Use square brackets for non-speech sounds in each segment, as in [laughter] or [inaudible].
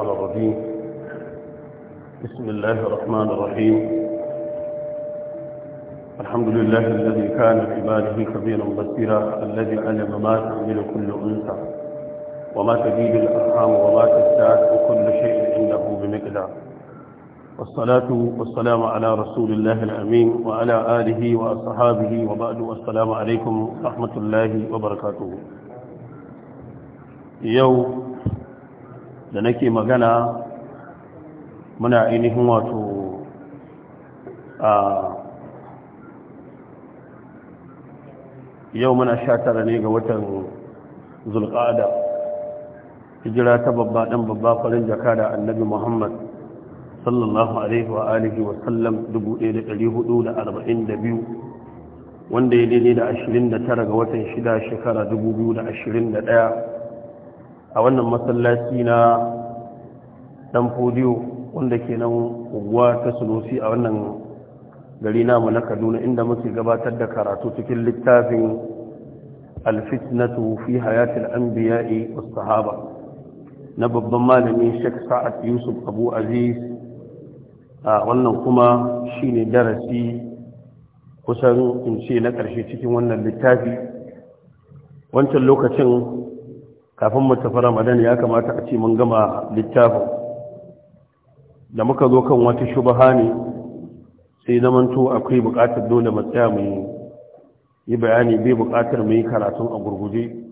الشيطان الرجيم بسم الله الرحمن الرحيم الحمد لله الذي كان عباده كبيرا بصيرا الذي علم ما تعمل كل انثى وما تجيب الارحام وما تزداد وكل شيء عنده بمقدار والصلاة والسلام على رسول الله الأمين وعلى آله وأصحابه وبعد السلام عليكم ورحمة الله وبركاته يوم da nake magana muna ainihin wato a yau muna sha tara ne ga watan zulƙada hijira ta babba ɗan babba farin jaka da annabi muhammad sallallahu alaihi wa alihi wa sallam 1442 wanda ya daidai da 29 ga watan shida shekara 2021 a wannan masallaci na dan fodiyo wanda ke nan uwa ta sunusi a wannan gari namu na kaduna inda muke gabatar da karatu cikin littafin alfitnatu fi hayatil anbiya'i was sahaba na babban malami Sheikh Sa'ad Yusuf Abu Aziz a wannan kuma shine darasi kusan in ce na karshe cikin wannan littafi wancan lokacin kafin mu tafi ramadan ya kamata a ce mun gama littafin da muka zo kan wata shubaha ne sai zaman to akwai buƙatar dole mu tsaya mu yi bayani bai buƙatar mu yi karatun a gurguje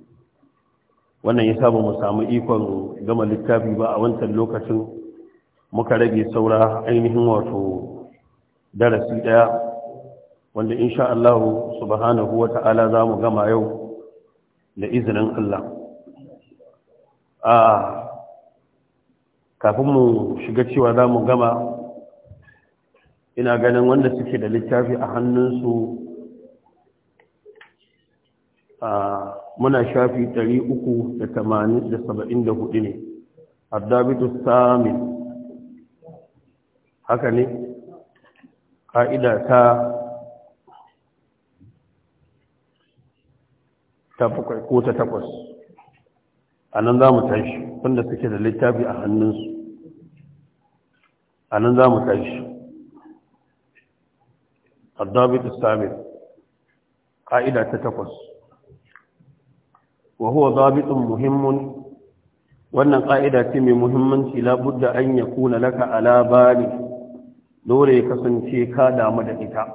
wannan ya saba mu samu ikon gama littafi ba a wancan lokacin muka rage saura ainihin wato darasi ɗaya wanda insha Allah subhanahu wa ta'ala za mu gama yau da izinin Allah a kafin mu shiga cewa za mu gama ina ganin wanda suke da littafi a hannunsu a muna shafi 384 ne addabitu sami haka ne ƙa'ida ta ta ko ta takwas a nan za mu tashi wanda suke da littafi a hannunsu a nan za mu tashi addabit islamic ƙa'ida ta takwas wa huwa zabitun wannan ƙa'ida ce mai muhimmanci labudda an ya kuna laka a labari dole ya kasance ka damu da ita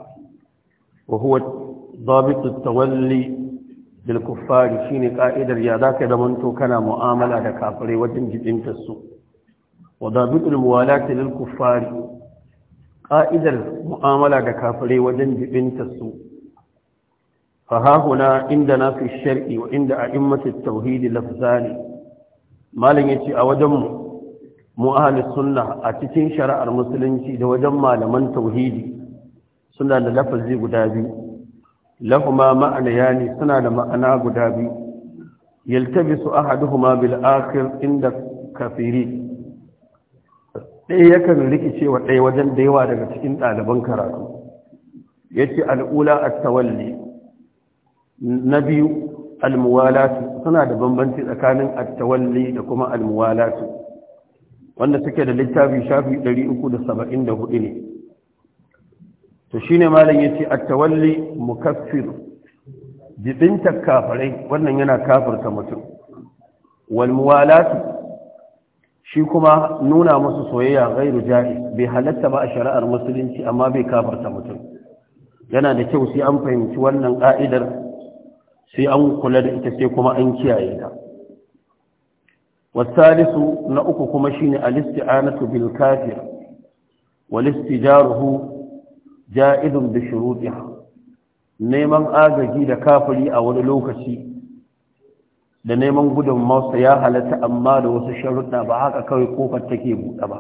wa huwa tawalli bil kuffari shine ka'idar ya zaka zamanto kana mu'amala da kafirai wajen jibintar su wa dabitul muwalati lil kuffari ka'idar mu'amala da kafirai wajen jibintar su inda na fi shar'i wa inda a'immatu tauhidi lafzani malam yace a wajen mu mu sunna a cikin shari'ar musulunci da wajen malaman tauhidi suna da lafazi guda biyu lahuma ma'anayani suna da ma'ana guda biyu yaltabisu ahaduhuma bil akhir inda kafiri ɗaya yakan rikice wa ɗaya wajen da yawa daga cikin ɗaliban karatu yace al'ula at-tawalli na biyu al-muwalatu suna da bambanci tsakanin at-tawalli da kuma al-muwalatu wanda take da littafi shafi 374 ne to shine malam yace a tawalli mukaffir jibinta kafarai. wannan yana kafarta mutum wal shi kuma nuna musu soyayya gairu jaiz bai halatta ba a shari'ar musulunci amma bai kafarta mutum yana da kyau sai an fahimci wannan ka'idar sai an kula da ita sai kuma an kiyaye ta wasalisu na uku kuma shine al Anatu bil kafir wal istijaruhu ja'izun bi shurutiha neman agaji da kafiri a wani lokaci da neman gudun masa ya halatta amma da wasu sharuɗa ba haka kawai kofar take buɗe ba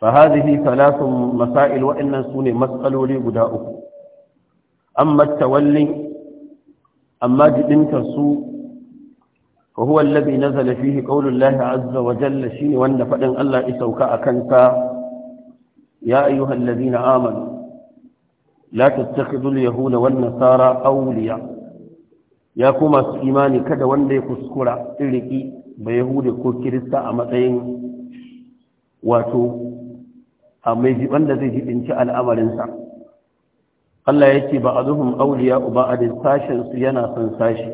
fa hadhihi thalathu masail wa innan sune matsaloli guda uku amma tawalli amma jidintar su fa huwa alladhi nazala fihi qawlu Allah azza wa jalla shine wanda fadin Allah ya sauka akan ka ya ayyuhal ladina amanu la tattakhidhu al-yahuda wan nasara awliya ya kuma su imani kada wanda ya kuskura iriki ba yahudi ko kirista a matsayin wato a mai jiban da zai jibinci al'amarinsa Allah ya ce ba a zuhun auliya uba a sashensu yana son sashi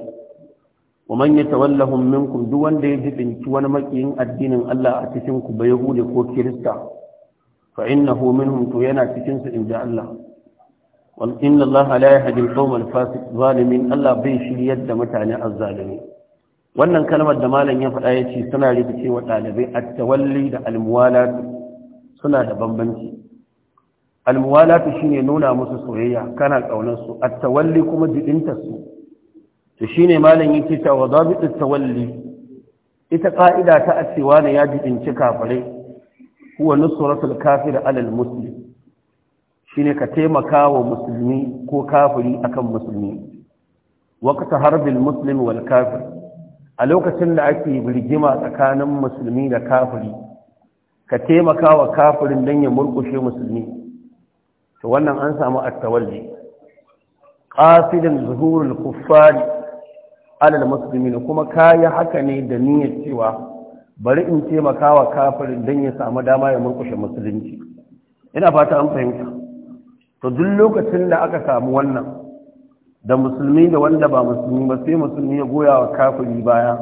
wa manya tawallahun minkum duk wanda ya jibinci wani makiyin addinin Allah a cikinku ba yahudi ko kirista fa innahu minhum to yana cikinsu in ji Allah inna Allah la yahdi al-qawma al-fasiqin Allah bai shiryar yadda mutane azzalimi wannan kalmar da malam ya faɗa yace suna rikice wa ɗalibai. at-tawalli da al suna da bambanci al shi ne nuna musu soyayya kana kaunar su at-tawalli kuma jidinta su to ne malam ce ta wa dabit at-tawalli ita ƙa'ida ta at-tiwana ya jidinci kafare huwa nusratul kafir alal muslim shine ka taimaka wa musulmi ko kafiri akan musulmi waqta harbil muslim wal kafir a lokacin da ake birgima tsakanin musulmi da kafiri ka taimaka wa kafirin dan ya murkushe musulmi to wannan an samu at-tawalli qasidan zuhurul ala alal muslimin kuma yi haka ne da niyyar cewa bari in taimaka wa kafirin dan ya samu dama ya murkushe musulunci ina fata an fahimta to duk lokacin da aka samu wannan da musulmi da wanda ba musulmi ba sai musulmi ya goya wa kafiri baya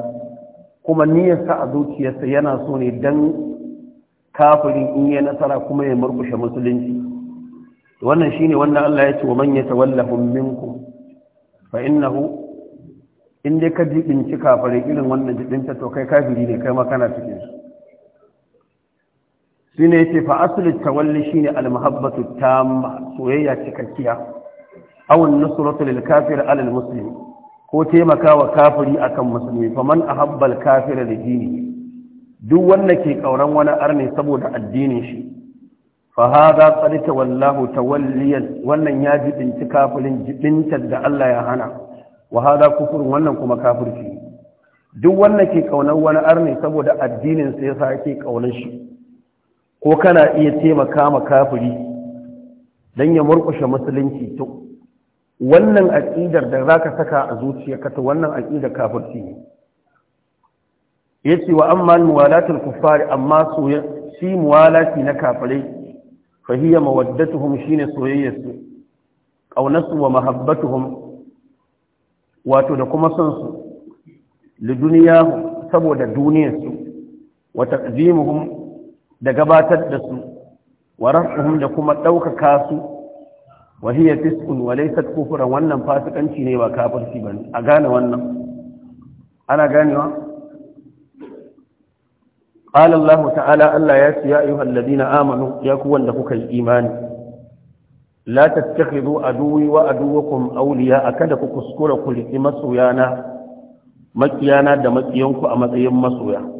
kuma niyyarsa a zuciyarsa yana so ne dan kafiri in yi nasara kuma ya murkushe musulunci wannan shine wannan Allah ya ce wa man yatawallahum minkum fa innahu in dai ka jibinci kafirai irin wannan jibinta to kai kafiri ne kai ma kana cikin su shi ne ce fa asulun tawalli shi ne almahabbatu ta soyayya cikakkiya awon nusratu lil kafir alal muslim ko taimaka wa kafiri akan musulmi fa man ahabbal kafira da dini duk wanda ke kauran wani arne saboda addinin shi fa hada qad tawallahu tawalliyan wannan ya jibinci kafirin jibintar da Allah ya hana wa hada kufurun wannan kuma kafirci duk wanda ke kaunar wani arne saboda addinin sa yasa yake kaunar shi ko kana iya taimaka ma kafiri don ya murkushe musulunci to wannan aƙidar da za ka saka a zuciya kata wannan aƙidar kafirci ne ya ce wa amma muwalatul kuffari amma soyar shi muwalati na kafirai fahiyya mawaddatuhum ne soyayyarsu ƙaunarsu wa mahabbatuhum wato da kuma son su li saboda duniyarsu wa taqdimuhum da gabatar da su wa rafuhum da kuma ɗaukaka kasu, wa hiya fiskun wa laysat kufran wannan fasikanci ne ba kafirci bane a gane wannan ana ganewa qala Allah ta'ala Allah ya ce ya ayyuhal ladina amanu ya ku wanda kuka yi imani la tattakhidhu aduwi wa aduwakum awliya akada ku kuskura ku liki makiyana da makiyanku a matsayin masoya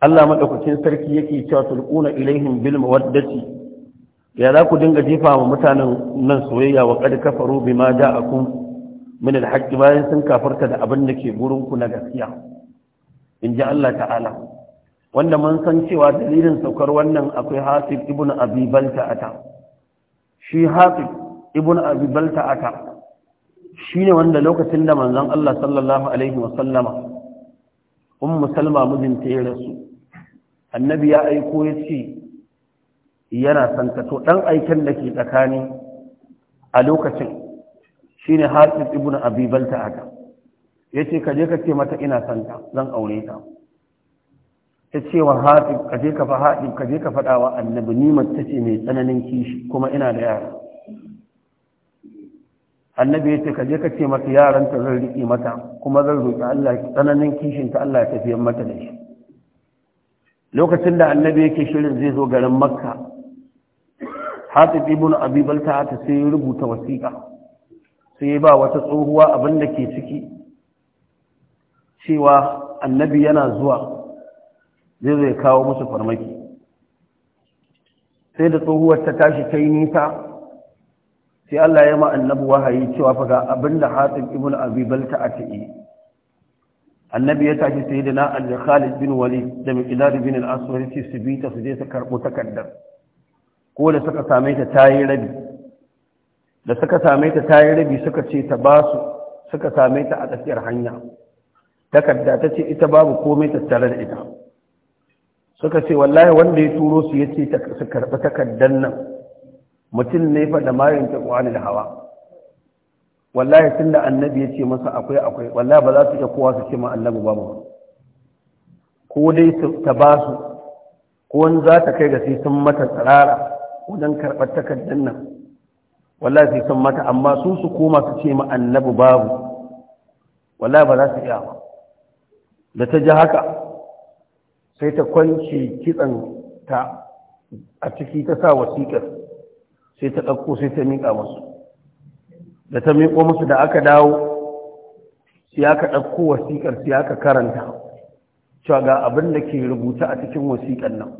Allah maɗaukacin sarki yake cewa tulquna ilaihim bil mawaddati ya za ku dinga jefa wa mutanen nan soyayya wa qad kafaru bima ja'akum min al haqq bayan sun kafarta da abin da ke gurin ku na gaskiya Inji Allah ta'ala wanda mun san cewa dalilin saukar wannan akwai Hasib ibn Abi Balta'ata shi Hasib ibn Abi Balta'ata shine wanda lokacin da manzon Allah sallallahu alaihi wa sallama ummu salma mijinta ya rasu annabi ya aiko ya ce yana son ka to dan aikin da ke tsakani a lokacin shine Hafiz ibn Abi Balta aka yace ka je ka ce mata ina son ta zan aure ta ta ce wa Hafiz kaje ka fa Hafiz ka ka fada wa annabi ni mata ce mai tsananin kishi kuma ina da yara annabi ya ce kaje ka ce mata yaranta zan riƙe mata kuma zan roƙi Allah tsananin kishin ta Allah ya tafiyar mata da shi lokacin da annabi yake shirin zai zo garin makka hatib ibn abi balta ta sai rubuta wasiƙa sai ba wata tsohuwa abin da ke ciki cewa annabi yana zuwa zai zai kawo musu farmaki sai da tsohuwar ta tashi ta yi nisa sai Allah ya ma annabi wahayi cewa faga abin da hatib ibn abi balta ta yi annabi ya tashi sai da na khalid bin walid da mikidar bin al'asuwar ce su bi ta su je su karɓo takardar ko da suka same ta ta yi rabi da suka same ta ta yi rabi suka ce ta ba su suka same ta a tsakiyar hanya takarda ta ce ita babu komai tattare da ita suka ce wallahi wanda ya turo su ya ce su karɓi takardar nan mutum ne fa da marin ta da hawa wallahi tun da annabi ya ce masa akwai akwai wallahi ba za su iya kowa su ce ma annabi ba ko dai ta ba su ko wani za ta kai ga sai sun mata tsirara wajen karɓar takardar nan wallahi sai sun mata amma su su koma su ce ma annabi babu wallahi ba za su iya ba da ta ji haka sai ta kwanci kitsan ta a ciki ta sa wasiƙar sai ta ɗauko sai ta miƙa masu da ta miƙo musu da aka dawo sai aka ɗauko wasiƙar sai aka karanta cewa ga abin da ke rubuta a cikin wasiƙar nan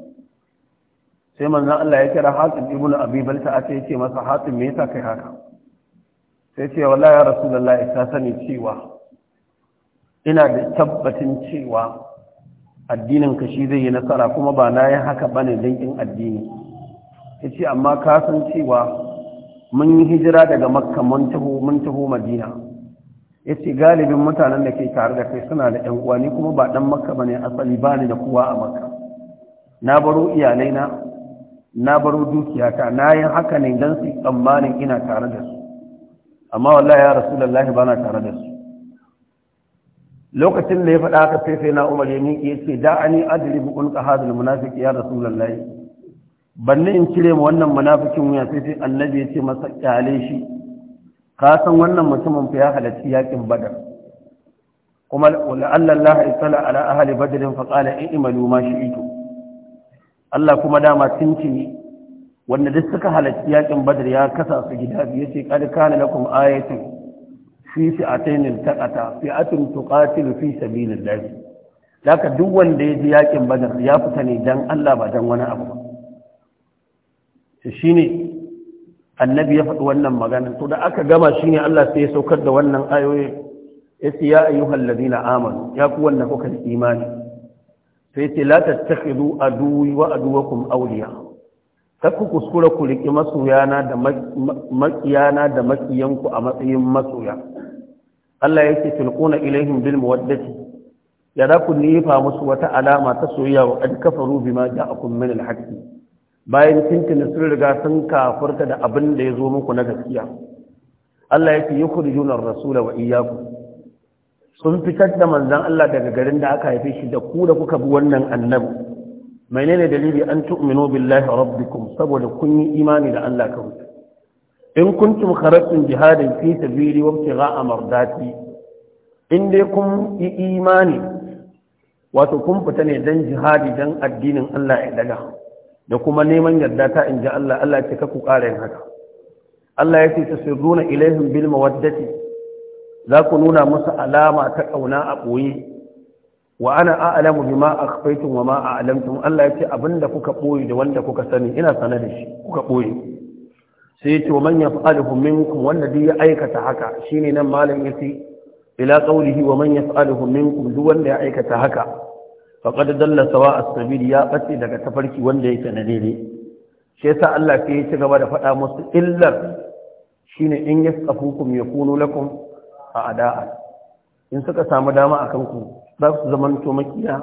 sai manzan Allah ya kira hatsin ibn abi balta ya ce masa hatsin me yasa kai haka sai ce wallahi ya rasulullahi ta sani cewa ina da tabbatin cewa addinin ka shi zai yi nasara kuma ba na yi haka bane don in addini yace amma ka san cewa mun yi hijira daga makka mun taho mun taho madina yace galibin mutanen da ke tare da kai suna da ƴan uwa ni kuma ba dan makka bane asali bani da kowa a makka na baro iyalaina, na baro dukiyata na yi haka ne dan su tsammanin ina tare da su amma wallahi ya rasulullahi bana tare da su lokacin da ya faɗa haka sai na umar ya miƙe ce da ani adribu unqa hadal munafiki ya rasulullahi banne in cire ma wannan munafikin wuya sai sai annabi ya ce masa kyale shi ka san wannan mutumin fa ya halarci yakin badar kuma la'alla Allah ya ala ahli badr fa qala i'malu ma shi'tu Allah kuma dama tinci wanda duk suka halarci yakin badar ya kasa su gida biyu ce qad kana lakum ayatun fi fi'atayn iltaqata fi'atun tuqatilu fi sabilillah laka duk wanda ya ji yakin badar ya fita ne dan Allah ba dan wani abu ba Shin annabi ya faɗi wannan magana to da aka gama shine Allah sai ya saukar da wannan ayoyi ce ya ayyuhal ladina amanu ya ku wannan kuka imani sai yace la tattakhidu aduwi wa aduwakum awliya Ta ku kuskura ku riki masoyana da makiyana makiyanku a matsayin masoya Allah yake tulquna ilaihin bil muwaddati ya za ku nifa musu wata alama ta soyayya wa kad kafaru bima ja'akum min al-haqqi bayan tintin sun riga sun kafurta da abin da ya zo muku na gaskiya Allah ya ce yukhrijuna ar-rasula wa iyyakum sun fitar da manzan Allah daga garin da aka haife shi da ku da kuka bi wannan annabi menene dalili an tu'minu billahi rabbikum saboda kun yi imani da Allah kawai in kuntum kharajtum jihadin fi sabili wa ibtigha'a mardati in dai kun yi imani wato kun fita ne dan jihadi dan addinin Allah ya daga da kuma neman yarda ta in ji Allah Allah ce kaku ƙara yin haka Allah ya ce ta sirruna ilaihim bil mawaddati za ku nuna musu alama ta ƙauna a boye wa ana a'lamu bima akhfaytum wa ma a'lamtum Allah ya ce abinda kuka ɓoye da wanda kuka sani ina sana da shi kuka ɓoye sai ya ce wa man yaf'aluhu minkum wanda duk ya aikata haka shine nan malam yace ila qawlihi wa man yaf'aluhu minkum duk wanda ya aikata haka faƙad dalla sawa a sabili ya ɓace daga tafarki wanda yake na daidai shi yasa Allah ke ya ci gaba da faɗa musu illar shine in ya yakunu lakum a ada'a in suka samu dama a kanku za su zama to makiya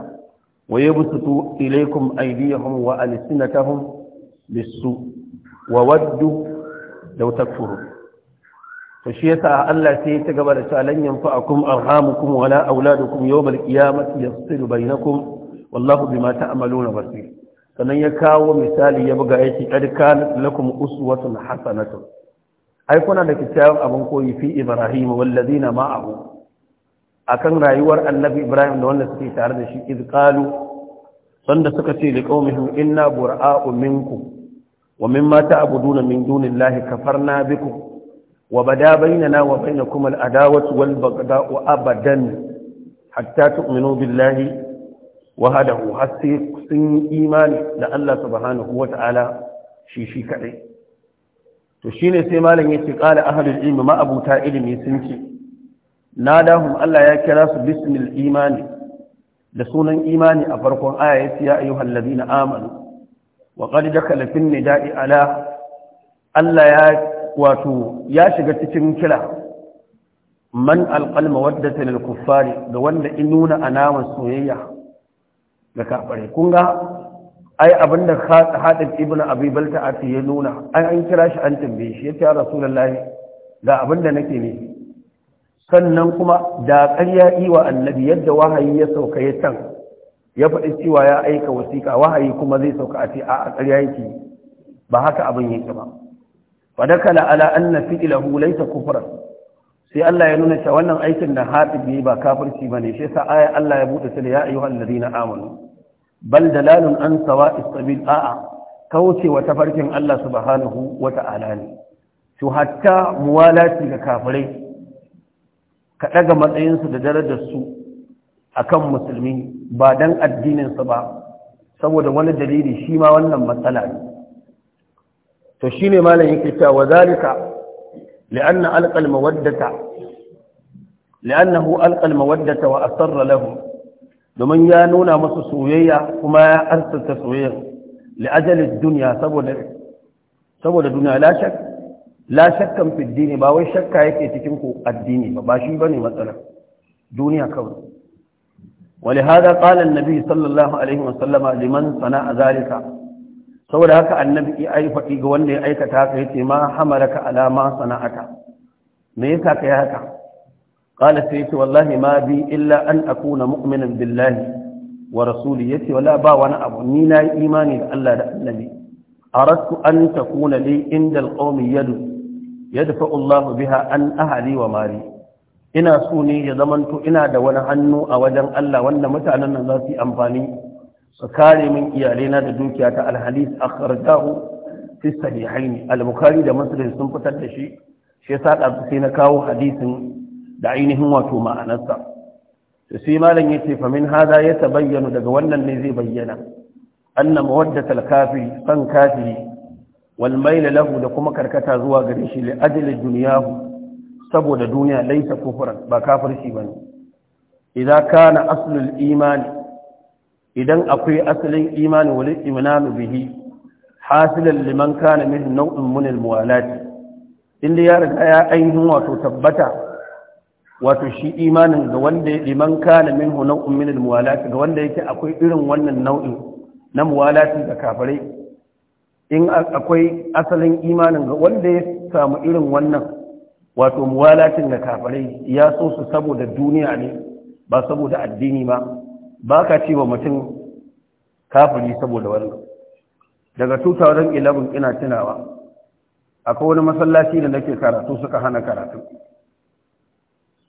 wa busutu ilaikum aydiyahum wa alsinatahum bisu wa waddu law takfurun to shi yasa Allah sai ya ta gaba da cewa lan yanfa'akum arhamukum wala auladukum yawmal qiyamati yafsilu bainakum wallahu bima sannan ya kawo misali ya buga yake adkan lakum uswatun hasanatun ai kuna da kitabu abin koyi fi ibrahim wal ma'ahu akan rayuwar annabi ibrahim da wanda suke tare da shi iz qalu sanda suka ce da ƙaumihim inna bura'a'u minkum wa mimma ta'buduna min dunillahi kafarna bikum wabada bainana wa bainakum al'adawatu wal baghdau abadan hatta tu'minu billahi wahdahu hasi sun imani da Allah subhanahu wata'ala shi shi kadai to shine sai malam yace qala ahlul ilmi ma abuta ilmi sun ce nadahum Allah ya kira su bismil imani da sunan imani a farkon aya yace ya ayyuhal ladina amanu wa qad dakala fil nida'i ala Allah ya wato ya shiga cikin kira man alqal mawaddata lil kuffari ga wanda in nuna alamar soyayya ga kafare kun ga ai abinda hadin ibnu abi balta ati ya nuna ai an kira shi an tambaye shi ya ya rasulullahi ga da nake ne sannan kuma da ƙarya iwa annabi yadda wahayi ya sauka ya can ya faɗi cewa ya aika wasiƙa wahayi kuma zai sauka a ce a ƙarya yake ba haka abin yake ba fadakala ala anna fi'lahu laysa kufran sai Allah ya nuna cewa wannan aikin da hatib ne ba kafirci bane shi yasa aya Allah ya bude ta ya ayyuhal ladina amanu bal dalalun an sawa'is sabil a'a kauce wa tafarkin Allah subhanahu wa ta'ala ne to hatta muwalati ga kafirai ka daga matsayinsu da darajar su akan musulmi ba dan addinin su ba saboda wani dalili shi ma wannan matsala ne to shi ne malam yake cewa wazalika li'anna alqal mawaddata li'annahu alqal mawaddata wa asarra lahum domin ya nuna musu soyayya kuma ya arsata soyayya li'ajalid dunya saboda saboda duniya la shak la shakkan fi dini ba wai shakka yake cikin ku addini ba ba shi bane matsalar duniya kawai ولهذا قال النبي صلى الله عليه وسلم لمن صنع ذلك saboda haka annabi ya ai faɗi ga wanda ya aikata haka yace ma hamalaka ka alama sana'ata me yasa yi haka qala sai yace wallahi ma bi illa an akuna mu'minan billahi wa rasuli yace wala ba wani abu ni na yi imani da Allah da annabi aradtu an takuna li inda alqawmi yadu yadfa'u Allah biha an ahli wa mali ina so ne ya zamanto ina da wani hannu a wajen Allah wanda mutanen nan za su yi amfani su kare min iyalena da dukiya ta alhalis akhrajahu fi sahihain al-bukhari da muslim sun fitar da shi shi yasa da sai na kawo hadisin da ainihin wato ma'anarsa to sai malam yace fa min hada ya tabayyana daga wannan ne zai bayyana anna mawaddatal kafiri san kafiri wal mail lahu da kuma karkata zuwa gare shi li ajli dunyahu saboda duniya laisa kufran ba kafirci bane idan kana aslul imani idan akwai asalin imani wal imanu bihi hasilan liman kana min nau'in min al inda ya riga ya ainihin wato tabbata wato shi imanin ga wanda liman kana min nau'in min al ga wanda yake akwai irin wannan nau'in na muwalati da kafirai in akwai asalin imanin ga wanda ya samu irin wannan wato muwalatin da kafirai ya so su saboda duniya ne ba saboda addini ba ba ka ce wa mutum kafiri saboda wani. daga 2011 ina tunawa akwai wani masallaci da nake karatu suka hana karatu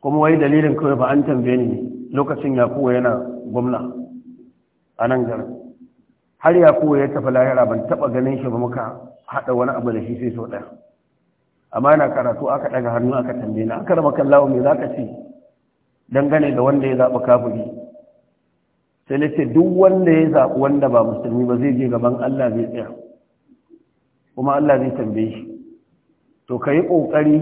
kuma wai dalilin kawai ba an tambaye ni lokacin ya kowa yana gwamna a nan garin har ya yakuwa ya tafi lahira ban taba ganin shi ba muka haɗa wani abu da shi sai sau ɗaya amma yana karatu aka ɗaga hannu aka tambaye na aka raba kallawa mai za ka ce dangane da wanda ya zaɓi kafiri sai da ce duk wanda ya zaɓi wanda ba musulmi ba zai je gaban Allah zai tsaya kuma Allah zai tambaye shi to ka yi ƙoƙari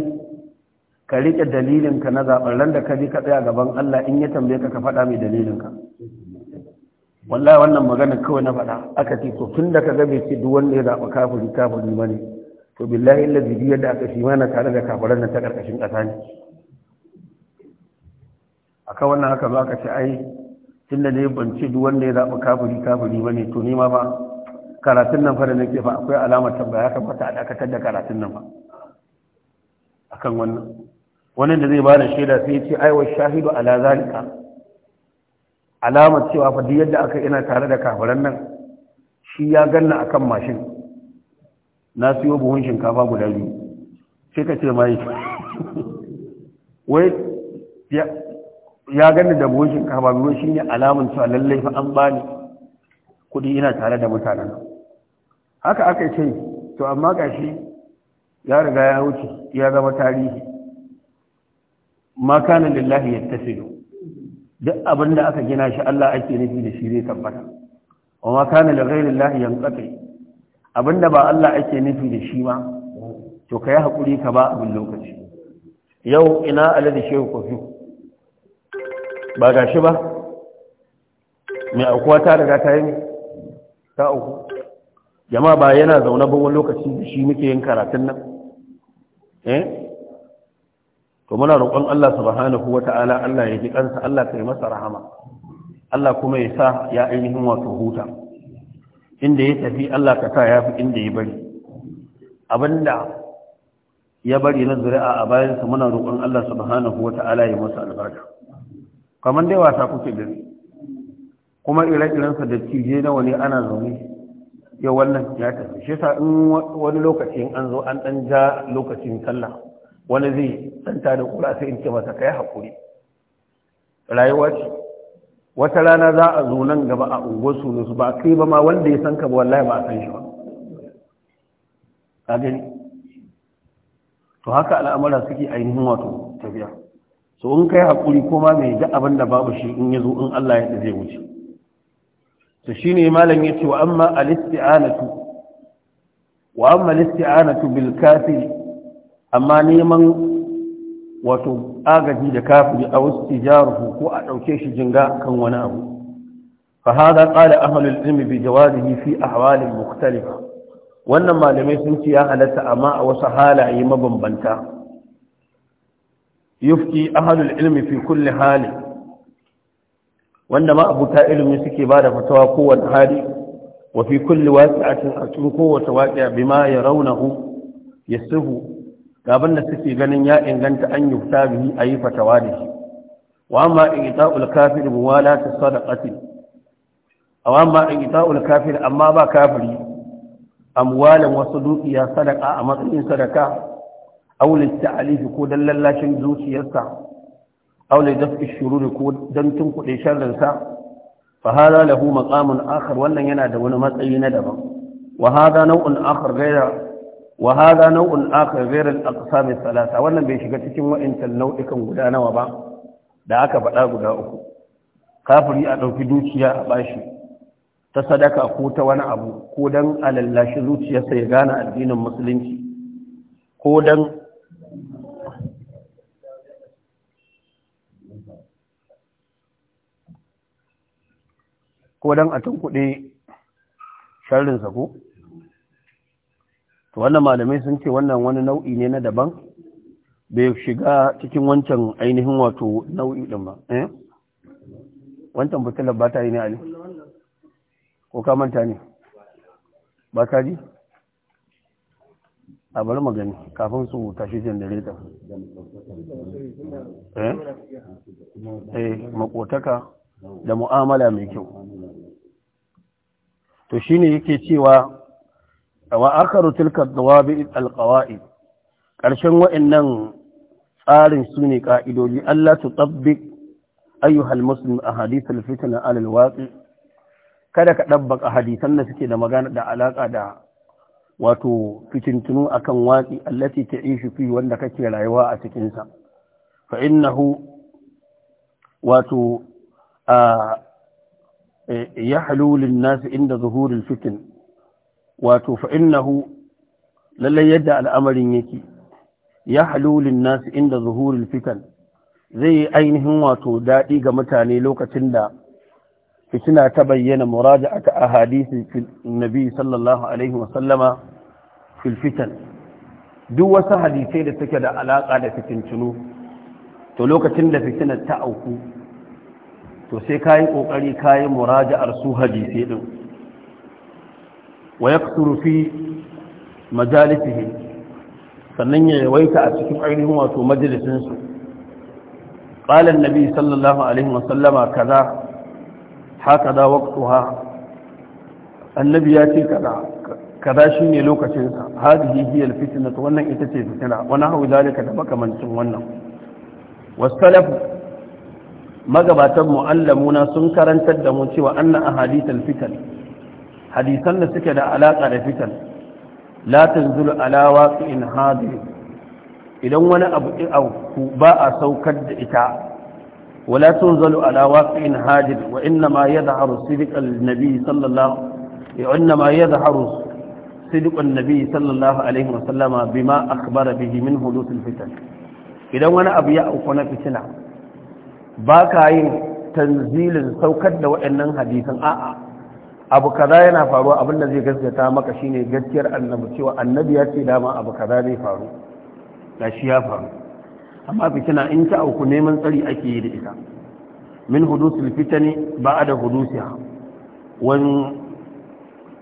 ka riƙe dalilinka na zaɓen ran da ka ji ka tsaya gaban Allah in ya tambaye ka ka faɗa mai dalilinka wallahi wannan magana kawai na faɗa aka ce to tun da ka ga bai ce duk wanda ya zaɓi kafiri kafiri ba ne to billahi allazi biyar da aka shi mana tare da kafiran nan ta karkashin ƙasa ne akan wannan haka zo aka ce ai tun da dai ban ce duk wanda ya zaɓi kafiri kafiri ba ne to ni ma ba karatun nan fa da nake fa akwai alamar tambaya ya kamata a dakatar da karatun nan ba akan wannan wannan da zai ba da shaida sai ya ce aiwa shahidu ala zalika alamar cewa fa duk yadda aka ina tare da kafiran nan shi ya ganna akan mashin na siyo buhun shinkafa guda biyu sai ka ce mai [laughs] wai ya gani da bushin shinkafa biyu shi ne alamun cewa lallai fa an bani kuɗi ina tare da mutanen haka aka ce to amma gashi ya riga ya wuce ya zama tarihi makanan kana lillahi yattasilu duk abin da aka gina shi Allah ake nufi da shi zai tabbata wa ma lillahi ya ghairillahi yanqati abinda ba Allah ake nufi da shi ma, to kai hakuri ka ba abin lokaci yau ina alladhi shehu kofi ba ga shi ba mai aukuwa ta daga ta yi ta auku jama ba yana zaune ba wani lokaci da shi muke yin karatun nan eh to muna roƙon Allah subhanahu wata'ala Allah ya ji kansa Allah yi masa rahama Allah kuma ya sa ya ainihin wato huta inda ya tafi Allah ka sa ya fi inda ya bari abinda ya bari na zuri'a a bayansa muna roƙon Allah subhanahu wata'ala ya masa albarka kamar dai wasa kuke da kuma ire-irensa da cije nawa ne ana zaune ya wannan ya tafi shi sa in wani lokacin an zo an ɗan ja lokacin sallah wani zai tanta da kura sai in ce masa kai Hakuri. rayuwa ce wata rana za a zo nan gaba a unguwar su su ba kai ba ma wanda ya san ka ba wallahi ba a san shi ba ka gani to haka al'amura suke ainihin wato tafiya to in kai hakuri, koma mai ji abin da babu shi in ya zo in Allah ya zai wuce to shi ne malam ya ce wa amma alisti'anatu wa amma alisti'anatu bil amma neman wato agaji da kafiri a wasu tijaruhu ko a ɗauke shi jinga kan wani abu fa hada qala ahlul ilmi bi jawazihi fi ahwalin mukhtalifa wannan malamai sun ce ya halatta amma a wasu halaye mabambanta yufki ahalul ilmi fi kulli hali wanda ma abuta ilimi suke ba da fatawa kowane hali wa fi kulli waqi'atin a cikin kowace waqi'a bima yarawnahu yasuhu gaban da suke ganin ya inganta an yi fita bihi ayi fatawa da shi wa amma in ita ulkafir sadaqati wa amma in ita amma ba kafiri amwalan wasu dukiya sadaka a matsayin sadaka aulil ta'alifi ko dan lallashin zuciyarsa aulil daf'i shururi ko dan tunkuɗe sharrinsa fa hada lahu maqamun akhar wannan yana da wani matsayi na daban wa hada nau'un akhar gaira wa hada nau'un akhar gaira al-aqsam thalatha wannan bai shiga cikin wa'intan nau'ikan guda nawa ba da aka faɗa guda uku kafiri a ɗauki dukiya a bashi ta sadaka ko ta wani abu ko don alallashi zuciyarsa ya gane addinin musulunci ko don ko don a tunkuɗe sharrinsa ko to wannan malamai sun ce wannan wani nau'i ne na daban bai shiga cikin wancan ainihin wato nau'i ɗin ba eh? wancan fitilar ba ta yi ne ali ko ka manta ne ba ka ji a bari magani kafin su tashi jandareta eh, eh makotaka da mu'amala mai kyau to shine yake cewa wa akharu tilka dawabi ƙarshen wa'in wa'annan tsarin su ne ƙa'idoji Allah tutabbiq ayyuhal muslim a alfitna alal alwaqi kada ka dabbaka hadisan da suke da magana da alaka da wato fitintunu akan waqi allati ta'ishu fi wanda kake rayuwa a cikinsa. sa fa innahu wato ya halulin nasu inda zuhurin fitin wato fa'innahu lallai yadda al'amarin yake ya halulin nasu inda zuhurin fitan zai yi ainihin wato daɗi ga mutane lokacin da fitina ta bayyana muraja aka a hadisi nabi sallallahu alaihi wasallama filfitan duk wasu hadisai da suke da alaƙa da fitincinu to lokacin da fitina ta auku to sai ka yi ƙoƙari ka yi muraja'ar su hadisai ɗin wa ya fi majalisihi sannan ya yawaita a cikin ainihin wato majalisinsu ƙalar nabi sallallahu alaihi wasallama kaza haka da waktuha annabi ya ce kaza kaza shi ne lokacinsa hadihi hiyar fitina wannan ita ce fitina wani hau zalika da makamancin wannan wasu magabatan mu'allamuna sun karantar da mu cewa anna ahadithal fitan hadisan da suke da alaka da fitan la tanzulu ala waqi'in hadir idan wani abu auku, ba a saukar da ita wala tunzalu ala waqi'in hadir wa inna ma yadhharu sidqal nabi sallallahu wa inna ma yadhharu sidqan nabi sallallahu alaihi wa sallama bima akhbara bihi min hudusil fitan idan wani abu ya auku na fitina ba ka yin tanzilin saukar da waɗannan hadisan a'a abu kaza yana faruwa abin da zai gaskata maka shine gaskiyar annabi cewa annabi ya ce dama abu kaza zai faru da shi ya faru amma fitina in ta auku neman tsari ake yi da ita min hudusul fitani ba'da hudusiha wan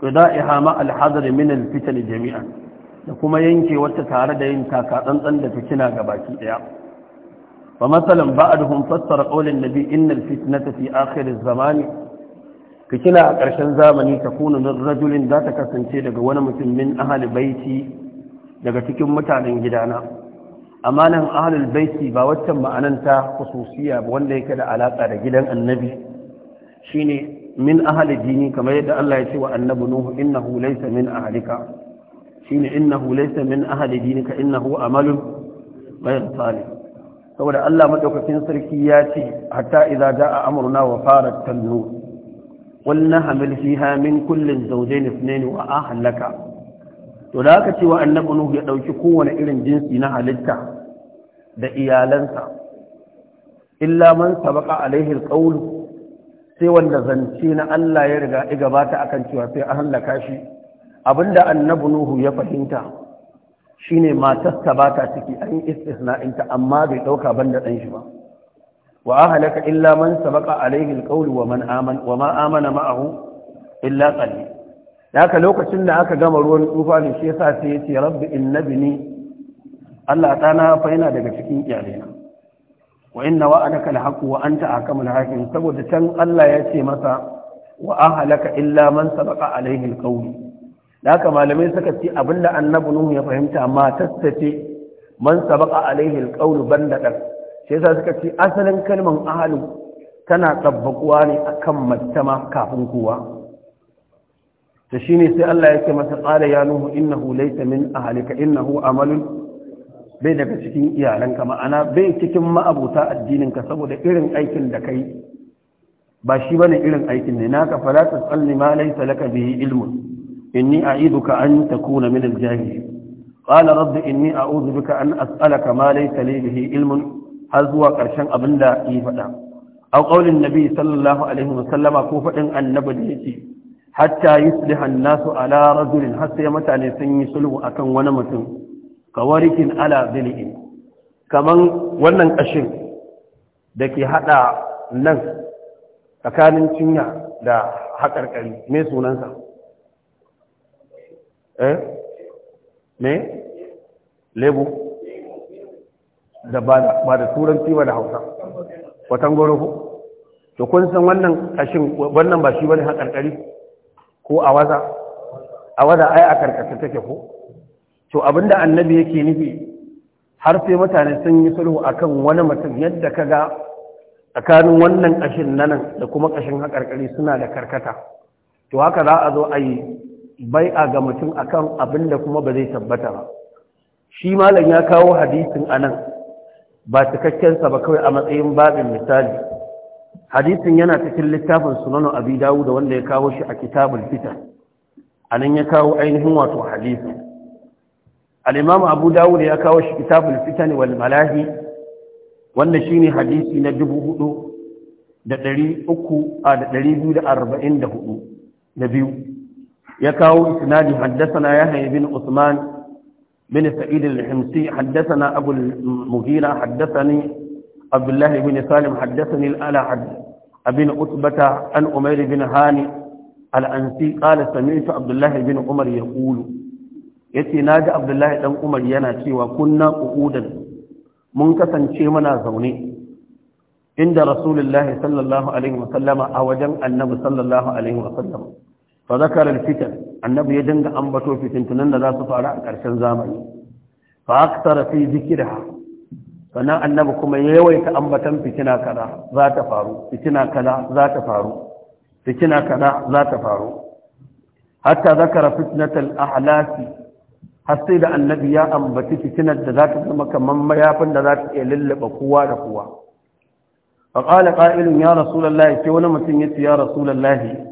qada'iha ma al min al-fitan jami'an da kuma yanke wata tare da yin taka tsantsan da fitina ga baki ɗaya. فمثلا بعدهم فسر قول النبي إن الفتنة في آخر الزمان كتنا أقرشان زامني تكون من رجل ذات كسنتي لقوانا مثل من أهل بيتي لقتكم متعن جدانا أمانا أهل البيت باوتا ما أننتا خصوصية بوان ليك علاقة جدا النبي شيني من أهل ديني كما يدى الله يسوى أن نبنوه إنه ليس من أهلك شيني إنه ليس من أهل دينك إنه أمل غير صالح saboda Allah madaukakin sarki ya ce hatta idza jaa amruna wa farat tanur walna hamil fiha min kullin zawjayn ithnayn wa ahlaka to da aka wa annabi nuhu ya dauki kowane irin jinsi na halitta da iyalansa illa man sabaqa alaihi alqawl sai wanda zance na Allah ya riga ya gabata akan cewa sai an halaka shi abinda annabi nuhu ya fahimta shine ne matasta, ba ta ciki an yi istisna'inta amma bai ɗauka ban da ɗan shi ba wa ahalaka illa man sabaqa alaihi alqawl wa ma amana ma'ahu illa qalil haka lokacin da aka gama ruwan tsufa ne shi yasa sai yace rabbi innabni Allah na fa yana daga cikin iyalena wa inna wa'adaka alhaq wa anta ahkamul hakim saboda can Allah ya ce masa wa ahalaka illa man sabaqa alaihi alqawl da haka malamai suka ce abinda annabi nuhu ya fahimta matarsa ce man sabaka alaihi alqawl banda sai sa suka ce asalin kalman ahlu tana tabbakuwa ne akan mattama kafin kowa to shine sai Allah yake masa qala ya nuhu innahu laysa min ahlika innahu amalun bai daga cikin iyalanka ma'ana bai cikin ma'abuta ka saboda irin aikin da kai ba shi bane irin aikin ne naka fala tasalli ma laysa laka bihi ilmun إني أعيذك أن تكون من الجاهلين قال رب إني أعوذ بك أن أسألك ما ليس لي به علم أزوى كرشان أبن لا إيفدا أو قول النبي صلى الله عليه وسلم كوفة أن نبديتي حتى يصلح الناس على رجل حتى يمتعني سني سلو أكن ونمت كوارك على ذلئ كمان ونن أشن دكي حتى نن tsakanin cinya da haƙarƙari mai sunansa eh me lebu da ba da turanci ba da hausa watan goro ku to kun san wannan kashin wannan ba shi bane hakarkari ko a waza a waza ai a karkata take ko to abinda annabi yake nufi har sai mutane sun yi sulhu akan wani mutum yadda kaga tsakanin wannan kashin nan da kuma kashin hakarkari suna da karkata to haka za a zo ayi. bai a ga mutum akan abin da kuma ba zai tabbata ba shi malam ya kawo hadisin anan ba cikakkensa ba kawai a matsayin babin misali hadisin yana cikin littafin sunan abi da wanda ya kawo shi a kitabul a nan ya kawo ainihin wato hadisi Alimamu abu abu da ya kawo shi kitabul fitan wal malahi wanda shine hadisi na dubu hudu da uku da da da biyu arba'in hudu na biyu ya kawo isnadi haddathana yahya bin usman bin sa'id al-himsi haddathana abu al-mughira haddathani abdullah bin salim haddathani al-ala abin utbata an umair bin hani al-ansi qala sami'tu abdullah bin umar yaqulu yace naji abdullah dan umar yana cewa kunna qu'udan mun kasance muna zaune inda rasulullahi sallallahu alaihi wa wasallama a wajen annabi sallallahu alaihi wa wasallama fa zakara fitan annabi ya dinga ambato fitintunan da za su faru a ƙarshen zamani fa aksara fi zikirha sannan annabi kuma ya yawaita ambatan fitina kaza za ta faru fitina kaza za ta faru fitina kaza za ta faru hatta zakara fitnatal ahlasi har sai da annabi ya ambaci fitinar da za ta zama kamar mayafin da za ta iya lullaba kowa da kowa فقال ya يا رسول الله كي wani mutum yace ya rasulullahi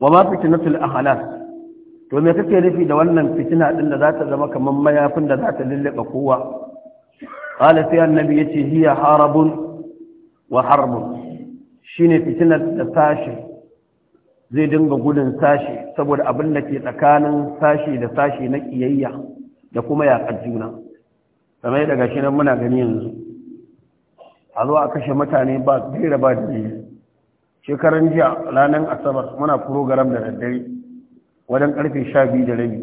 wa ma fitnatul akhlaq to me kake nufi da wannan fitina din da za ta zama kamar mayafin da za ta kowa qala Annabi annabi yace hiya harabun wa harbun shine fitinar da sashi zai dinga gudun sashi saboda abin da ke tsakanin sashi da sashi na kiyayya da kuma yaƙar juna kamar daga shi nan muna gani yanzu a zo a kashe mutane ba gaira ba da shekaran jiya ranar asabar muna program da daddare wajen karfe sha biyu da rabi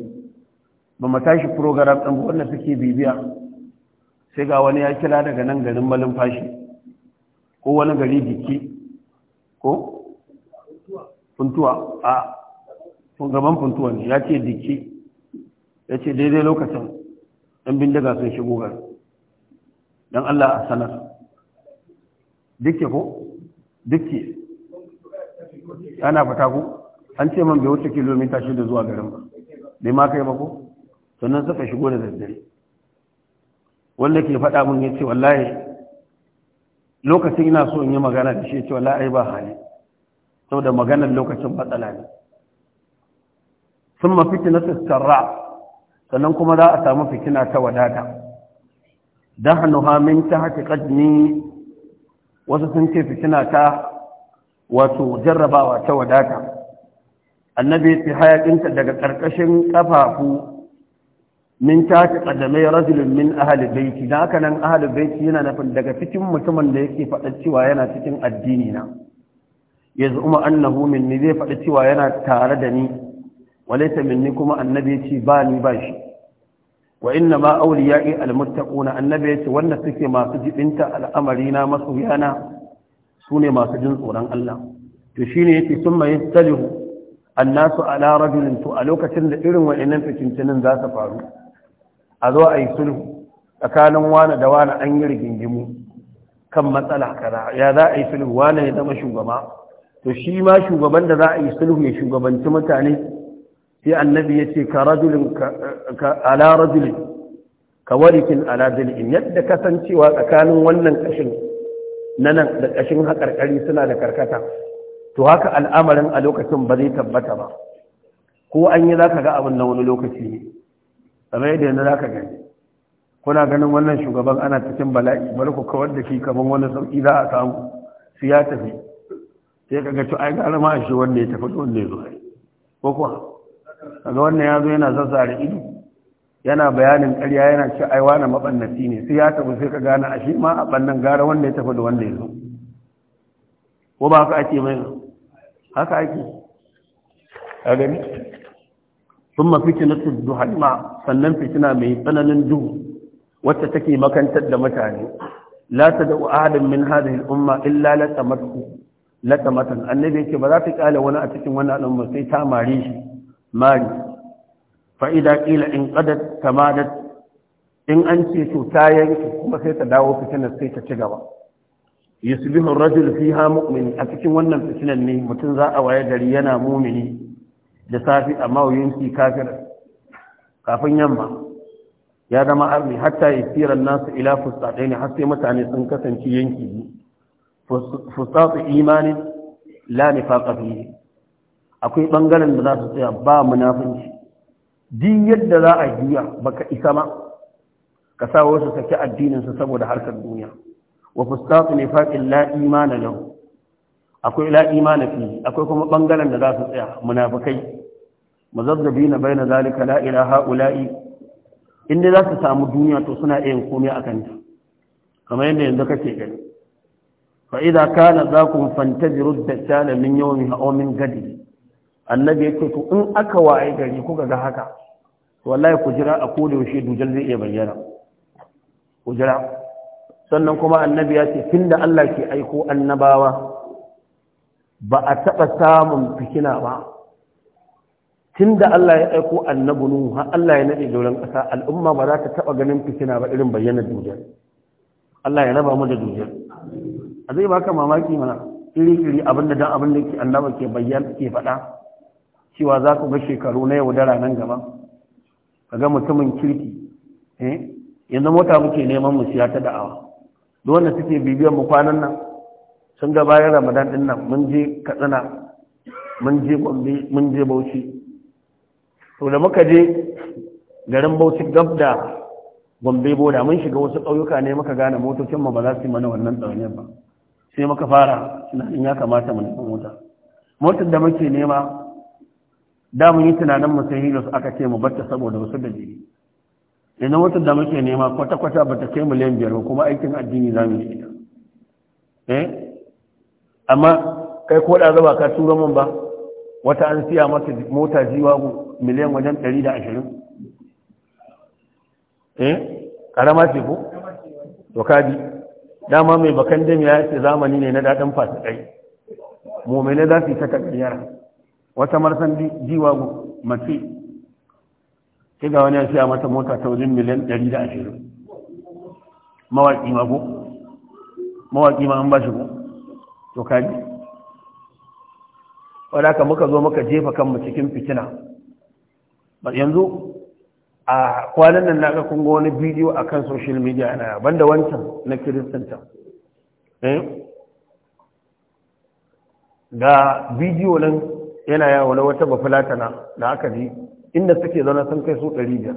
ba mu tashi program ɗan wanda suke bibiya sai ga wani ya kira daga nan garin fashi ko wani gari jiki ko funtuwa a gaban funtuwa ne ya ce jiki ya ce daidai lokacin ɗan bindiga sun shigo gari don allah a sanar dukke ko dukke ana fata ku an ce man bai wuce kilomita shida zuwa garin ba bai ma kai ba ko sannan suka shigo da daddare wanda ke faɗa mun ya ce wallahi lokacin ina so in yi magana da shi ya ce wallahi ba hali saboda maganar lokacin matsala ne sun mafi na sassarra sannan kuma za a samu fitina ta wadata Da hannu ha min ta haƙiƙa ne wasu sun ce fitina ta wato jarrabawa ta wadata annabi ya ce hayakinta daga ƙarƙashin ƙafafu min ta ta ƙaddamai rajulun min ahalin baiti na haka nan ahalin baiti yana nufin daga cikin mutumin da yake faɗa cewa yana cikin addini na ya zuma annahu min ni zai faɗa cewa yana tare da ni walaita min ni kuma annabi ya ce ba ni ba shi wa inna ma auli ya'i almuttaquna annabi ya ce wanda suke masu jibinta al'amari na masoyana su ne masu jin tsoron Allah to shine yake sun mai talihu annasu ala rajulin to a lokacin da irin wa'annan fitintinin za su faru a zo a yi sulhu tsakanin wani da wani an yi rigingimu kan matsala kaza ya za a yi sulhu wani ya zama shugaba to shi ma shugaban da za a yi sulhu ya shugabanci mutane sai annabi ya ce ka rajulin ala rajulin ka warikin ala dalilin yadda kasancewa tsakanin wannan kashin na nan da ƙashin haƙarƙari suna da karkata to haka al'amarin a lokacin ba zai tabbata ba ko an yi za ka ga abin na wani lokaci ne kamar yadda yanzu za ka gani kuna ganin wannan shugaban ana cikin bala'i bari ku kawar da shi kamar wani sauƙi za a samu su ya tafi sai ka ga to ai gara a shi wanda ya tafi wanda ya zo ko kuwa kaga wannan ya zo yana zazzare ido yana bayanin ƙarya yana ce aiwa na ne sai ya tafi sai ka gane a shi ma a ɓannan gara wanda ya tafi da wanda ya zo ko ba haka ake mai haka ake a gani sun mafi kinatu duhalma sannan fitina mai tsananin duhu wacce take makantar da mutane la ta da ahadin min hadhihi umma illa latamatu latamatan annabi ce ba za ta kale wani a cikin wannan al'umma sai ta mare shi mari fa'ida ƙila in ƙadar tamadat in an ce to ta yanki kuma sai ta dawo fitinar sai ta ci gaba yusbihu rajul fiha mu'min a cikin wannan fitinan ne mutum za a waye gari yana mumini da safi amma shi kafir kafin yamma ya zama arni hatta ya yasiran nasu ila fustatayn har sai mutane sun kasance yanki fustatu imanin la nifaqa akwai bangaren da za su tsaya ba munafunci. din yadda za a juya baka isa ma ka sa wasu saki addinin su saboda harkar duniya wa fustatu ne faqil la imana lahu akwai la imana fi akwai kuma bangaren da za su tsaya munafikai muzazzabina baina zalika la ilaha ula'i inda za su samu duniya to suna iya komai akan ta kamar yadda yanzu kake gani فإذا كان ذاكم فانتظروا الدجال من يومها أو من gadi. annabi yake to in aka waye gari kuka ga haka wallahi ku jira a koda yaushe dujal zai iya bayyana ku jira sannan kuma annabi ya ce da Allah ke aiko annabawa ba a taɓa samun fikina ba Tun da Allah ya aiko annabi Nuhu har Allah ya nade doron ƙasa al'umma ba za ta taɓa ganin fikina ba irin bayyana dujal Allah ya raba mu da dujal a zai baka mamaki mana iri-iri abin da don abin da ke annaba ke bayyana ke faɗa cewa za ku ga shekaru na yau da ranar gaba ga mutumin kirki eh, yanzu mota muke neman mu siya ta da'awa duk wanda suke bibiyan mu kwanan nan sun ga bayan ramadan din nan mun je katsina mun je gombe mun je bauchi to da muka je garin bauchi gab da gombe boda mun shiga wasu ƙauyuka ne muka gane motocin mu ba za su yi mana wannan tsaunin ba sai muka fara tunanin ya kamata mu nufin mota motar da muke nema da mun yi tunanin mu sai hilos aka ce mu batta saboda wasu dalili idan wata da muke nema kwata-kwata ba ta kai miliyan biyar kuma aikin addini za mu yi ita eh amma kai ko da zaba ka tura mun ba wata an siya mata mota jiwa miliyan wajen 120 eh karama ce ko to kaji dama mai bakan jami'a ya ce zamani ne na daɗin fasikai mu mai na za su yi ta kakiyar wata marsan jiwa mace ke ga wani ya siya mata mota ta wajen miliyan 120 mawaƙi ma ko mawaƙi ma an ba shi ko to kaji wadda ka muka zo muka jefa kanmu cikin fitina yanzu a kwanan nan naga kun ga wani bidiyo a kan social media yana banda wancan na kiristanta eh? ga bidiyo nan yana yawo na wata bafulatana da aka ji inda suke zaune sun kai su ɗari biyar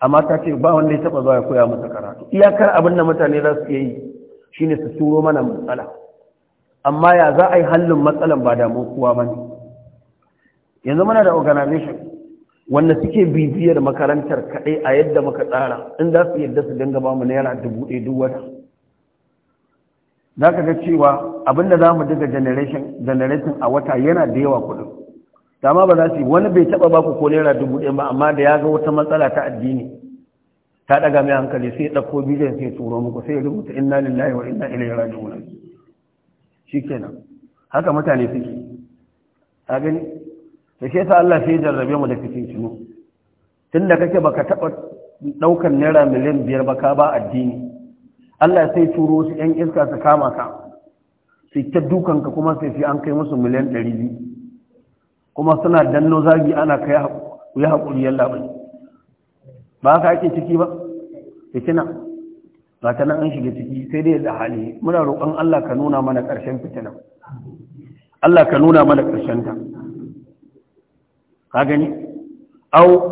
amma ta ce ba wanda ya taɓa zuwa ya koya masa karatu iyakar abin da mutane za su iya yi shine su turo mana matsala amma ya za a yi hallin matsalan ba damu kowa ba ne yanzu muna da organization wanda suke bibiyar makarantar kaɗai a yadda muka tsara in za su yadda su dinga ba mu naira dubu ɗaya duk wata za ka ga cewa abinda za mu daga generation a wata yana da yawa kudin dama ba za su wani bai taba baku ko naira dubu ɗaya ba amma da ya ga wata matsala ta addini ta daga mai hankali sai ɗauko bidiyon sai turo muku sai ya rubuta inna lillahi wa inna ilaihi raji'un shikenan haka mutane suke a gani da shi yasa Allah sai jarrabe mu da cinu tunda kake baka taba ɗaukar naira miliyan biyar ba ka ba addini Allah sai turo su ‘yan iska su kama ka, su ta dukanka kuma sai sai an kai musu miliyan ɗari biyu, kuma suna danno zagi ana kai yi haƙuri yalla bai. Ba ka ake ciki ba, fitina, ba ta nan an shiga ciki sai dai da hali, muna roƙon Allah ka nuna mana ƙarshen fitina. Allah ka nuna mana ƙarshen ta. Ka gani? Au,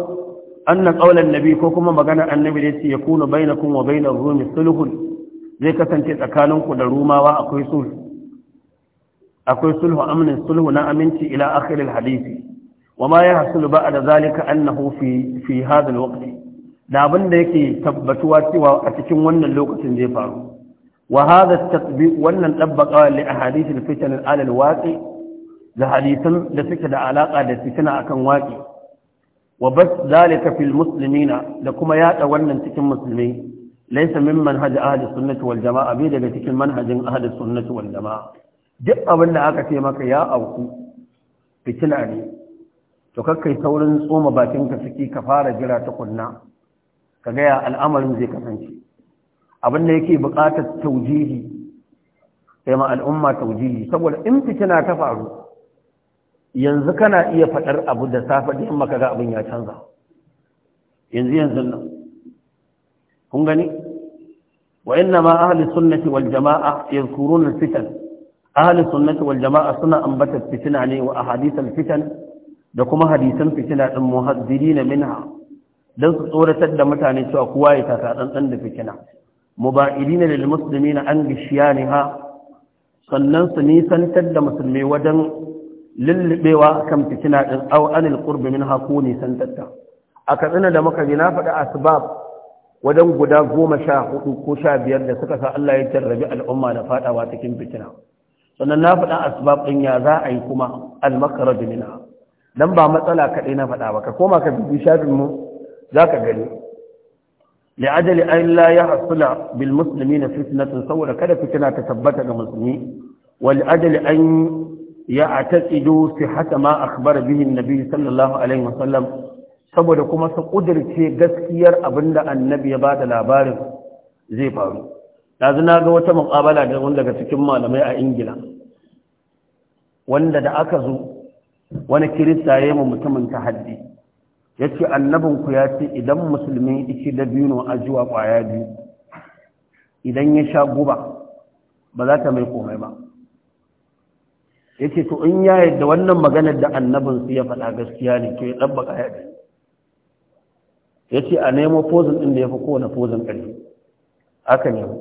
anna qaulan nabi ko kuma maganar annabi da yake yakunu bainakum wa bainar mai sulhun zai kasance tsakaninku da rumawa akwai sulhu akwai sulhu sulhu na aminci ila akhiril hadisi wa ma yahsul ba'da zalika annahu fi fi hadha alwaqt da abin da yake tabbatuwa cewa a cikin wannan lokacin zai faru wa hadha at wannan tabbaqawa li ahadith al-fitan ala al-waqi da hadisan da suke da alaka da fitina akan waqi wa bas zalika fil muslimina da kuma yada wannan cikin musulmai laisa min manhaj ahli sunnati wal jama'a bai daga cikin manhajin ahli sunnati wal jama'a duk abin aka ce maka ya auku fitina ne to kakkai saurin tsoma bakin ka suke ka fara jira ta kunna ka ga ya al'amarin zai kasance abin da yake buƙatar taujihi sai ma al'umma taujihi saboda in fitina ta faru yanzu kana iya faɗar abu da safe da maka ga abin ya canza yanzu yanzu nan kun gani wa inna ma ahli sunnati wal jama'a yadhkuruna fitan ahli sunnati wal jama'a suna ambata fitina ne wa ahadith fitan da kuma hadisan fitina din muhaddirina minha dan su tsoratar da mutane cewa kowa ya taka tsantsan da fitina muba'idina na muslimina an gishyanha sannan su nisantar da musulmi wajen lullubewa kan fitina ɗin au anil qurbi min haku nisantar ta a katsina da muka ji na faɗi asbab wajen guda goma sha hudu ko sha biyar da suka sa Allah ya jarrabi al'umma da fadawa cikin fitina sannan na faɗa asbab ɗin ya za a yi kuma almakara minha dan ba matsala kaɗai na faɗa ba ka koma ka bibi shafin mu za ka gani li'ajali an la ya hasula bil muslimina fitnatun saboda kada fitina ta tabbata ga musulmi Wa ajali an ya ataqidu sihhata ma akhbara bihi an-nabi sallallahu alaihi wasallam saboda kuma su ƙudirce gaskiyar abin da annabi ya ba da labarin zai faru yanzu na ga wata mu'amala da wanda daga cikin malamai a ingila wanda da aka zo wani kirista ya yi mutumin ta haddi ya ce annabinku ya ce idan musulmi iki da biyu a zuwa ƙwaya biyu idan ya sha guba ba za ta mai komai ba ya ce to in ya yadda wannan maganar da annabinsu ya faɗa gaskiya ne to ya ɗabba ƙaya ya ce a nemo pozin ɗin da ya fi kowane pozin ƙarfi aka nemo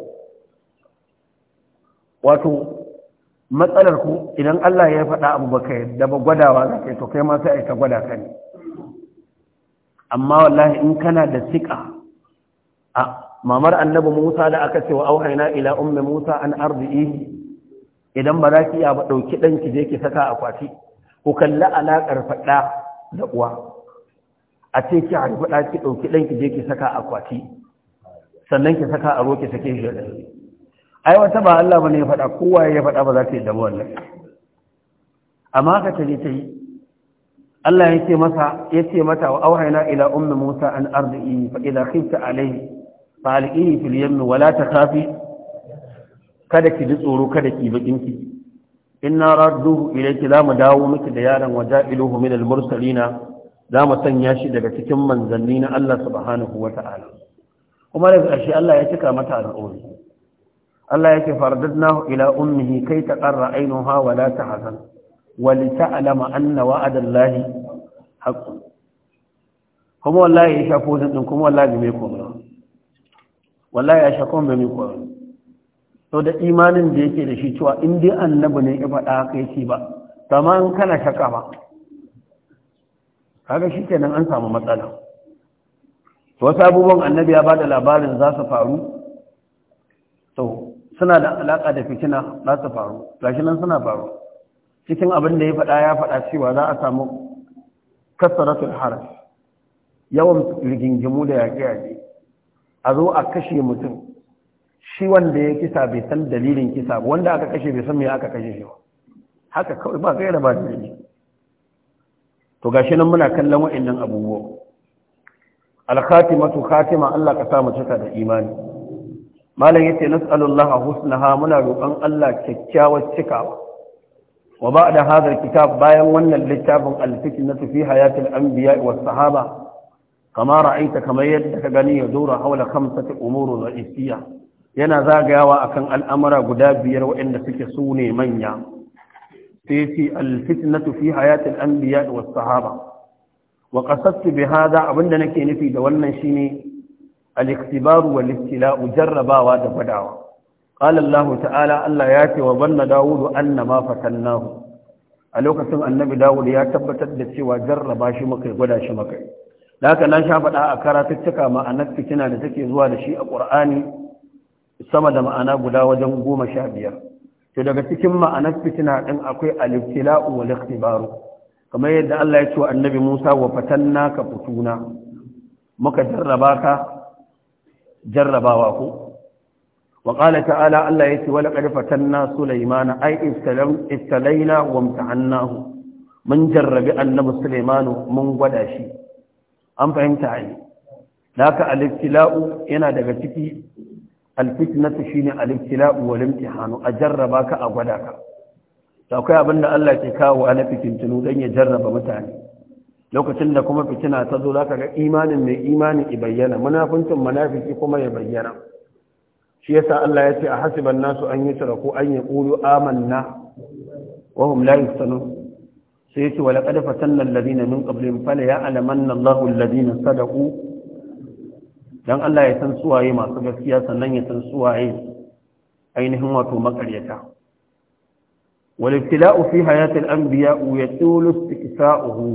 wato matsalar ku idan Allah ya faɗa abu baka kai da ba gwadawa za ka yi to kai ma sai ka gwada ka ne amma wallahi in kana da siƙa a mamar annabi Musa da aka ce wa auhaina ila umma Musa an arzihi idan ba za ki iya ba ɗauki ɗanki je ki saka akwati ku kalli alaƙar faɗa da uwa a ce ki harfi ɗa ki ɗauki ɗan ki je ki saka akwati sannan ki saka a roƙi sake shi da ai wata ba Allah bane ya faɗa kowa ya faɗa ba za ta yi da wannan amma ka tare ta yi Allah ya ce masa ya ce mata wa auhayna ila ummi Musa an ardi fa idza khifta alayhi fa alqihi fil mu wa la takhafi kada ki ji tsoro kada ki bakin ki inna radduhu ilayki za mu dawo miki da yaron waja'iluhu min al mursalina za mu sanya shi daga cikin manzanni na Allah subhanahu wa ta'ala kuma daga ƙarshe Allah ya cika mata al'ummi Allah ya ce fardadna ila ummihi kai ta qarra ainuha wa la tahzan wa li ta'lama anna wa'ada Allahi haqqun kuma wallahi ya sha shafo ɗin, kuma wallahi bai komai wallahi ya sha kuma bai komai Sau da imanin da yake da shi cewa in dai annabi ne ya faɗa kai shi ba tamam kana shaka ba kaga shi kenan an samu matsala wasu abubuwan annabi ya bada labarin za su faru to suna da alaka da fitina za su faru gashi nan suna faru cikin abin da ya faɗa ya faɗa cewa za a samu kasaratul haras yawan rigingimu da yaƙi yaƙe a zo a kashe mutum shi wanda ya kisa bai san dalilin kisa wanda aka kashe bai san me aka kashe shi ba haka kawai ba kai da ba dalili to gashi nan muna kallon wa'annan abubuwa al-khatimatu khatima Allah ka sa mu cika da imani malam yace nas'alullaha husnaha muna roƙon Allah kyakkyawar cikawa wa ba'da hadha al bayan wannan littafin al-fitnatu fi hayatil anbiya wa sahaba kama ra'aita kamar yadda ka gani ya dora haula khamsati umurun ra'isiyya yana zagayawa akan al'amura guda biyar waɗanda suke su ne manya sai ce alfitnatu fi hayatil anbiya wa sahaba wa qasadtu bi hada abinda nake nufi da wannan shine al-iktibar wal ibtila'u jarrabawa da gwadawa qala Allah ta'ala Allah ya ce wa banna Dawudu anna ma fatannahu a lokacin annabi dawud ya tabbatar da cewa jarraba shi muka gwada shi muka da haka na sha faɗa a karatuttuka ma'anar fitina da take zuwa da shi a ƙur'ani sama da ma'ana guda wajen goma sha biyar to daga cikin ma'anar fitina din akwai al-ibtila'u wal ikhtibaru kamar yadda Allah ya ce wa annabi Musa wa fatanna ka futuna muka jarraba ka jarrabawa ku wa qala ta'ala Allah ya ce wa laqad fatanna Sulaymana ay istalam istalaina wa imtahannahu mun jarrabi annabi Sulaymanu mun gwada shi an fahimta ai laka al-ibtila'u yana daga ciki alfitnatu shine al-ibtila'u wal imtihanu a jarraba ka a gwada ka to akwai abin da Allah ke kawo na fitintunu dan ya jarraba mutane lokacin da kuma fitina ta zo zaka ga imanin mai imani ya bayyana munafincin munafiki kuma ya bayyana shi yasa Allah ya ce a hasiban nasu an yutraku an yaqulu amanna wa hum la yuftanun sai yace wa laqad fatanna alladhina min qablihim fala ya'lamanna Allahu alladhina sadaqu don Allah ya san suwaye masu gaskiya sannan ya san suwaye ainihin wato makaryata walittila fi hayatul anbiya ya tulu istisa'uhu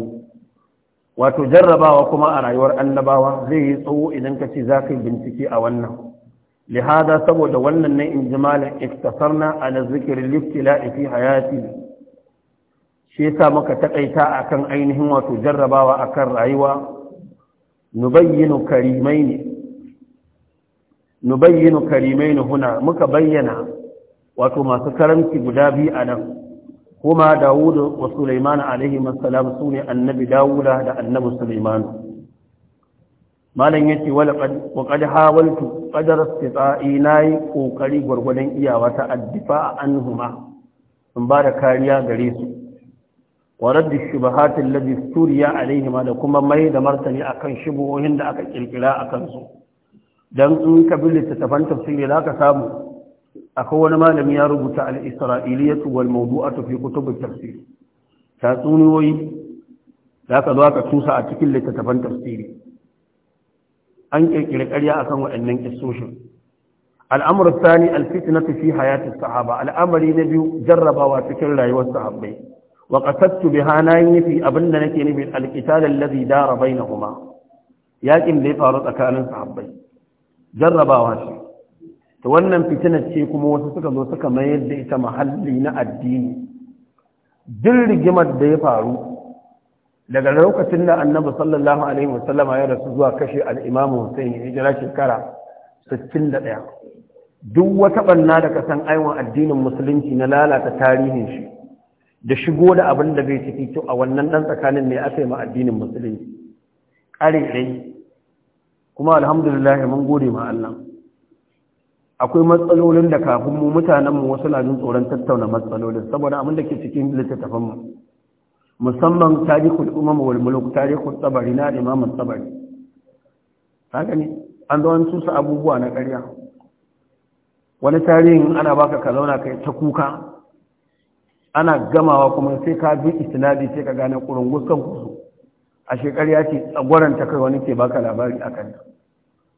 wato jarrabawa kuma a rayuwar annabawa zai yi tsawo idan ka ci zaka bincike a wannan lihada saboda wannan ne ijmalan iktasarna ala zikri liftila fi hayati shi yasa muka takaita akan ainihin wato jarrabawa akan rayuwa nubayyinu ne. nubayyinu karimain huna muka bayyana wato masu karamci guda biyu a nan kuma Dawud wa Sulaiman alaihi assalam sune annabi Dawud da annabi Sulaiman malan yace wala qad qad hawaltu qadar istita'i nayi kokari gurgudan iyawa ta addifa anhuma in ba da kariya gare su wa radd ash-shubahat allati suriya alaihima da kuma mai da martani akan shubuhohin da aka kirkira akan su don in ka bi littattafan tafsiri za ka samu A wani malami ya rubuta al maudu a tafi fi kutubut tafsir tatsuniyoyi za ka zo ka tusa a cikin littattafan tafsiri an kirkiri karya akan waɗannan kissoshin al'amur sani alfitnatu tafi hayatis sahaba al'amari na biyu jarrabawa cikin rayuwar sahabbai wa qasadtu biha na yi da nake nufi da qital alladhi na kuma yaƙin da ya faru tsakanin sahabbai jarrabawa ce ta wannan fitinar ce kuma wasu suka zo suka mayar da ita mahalli na addini duk rigimar da ya faru daga lokacin da annabi sallallahu alaihi wasallama ya rasu zuwa kashe al'imamu hussein ya jira shekara 61 duk wata banna da kasan aiwon addinin musulunci na lalata tarihin shi da shigo da abin da bai ciki to a wannan dan tsakanin ne aka yi ma addinin musulunci ƙarerai kuma alhamdulillah mun gode ma Allah akwai matsalolin da kafin mu mutanen mu wasu na jin tsoron tattauna matsalolin saboda abin da ke cikin littattafan mu musamman tarihul umam wal muluk tarihul tabari na imam tabari haka ne an zo an tusa abubuwa na ƙarya wani tarihin ana baka ka zauna kai ta kuka ana gamawa kuma sai ka bi isnadi sai ka gane kurungus kan kusu a ya ce tsagwaranta kai wani ke baka labari a kanta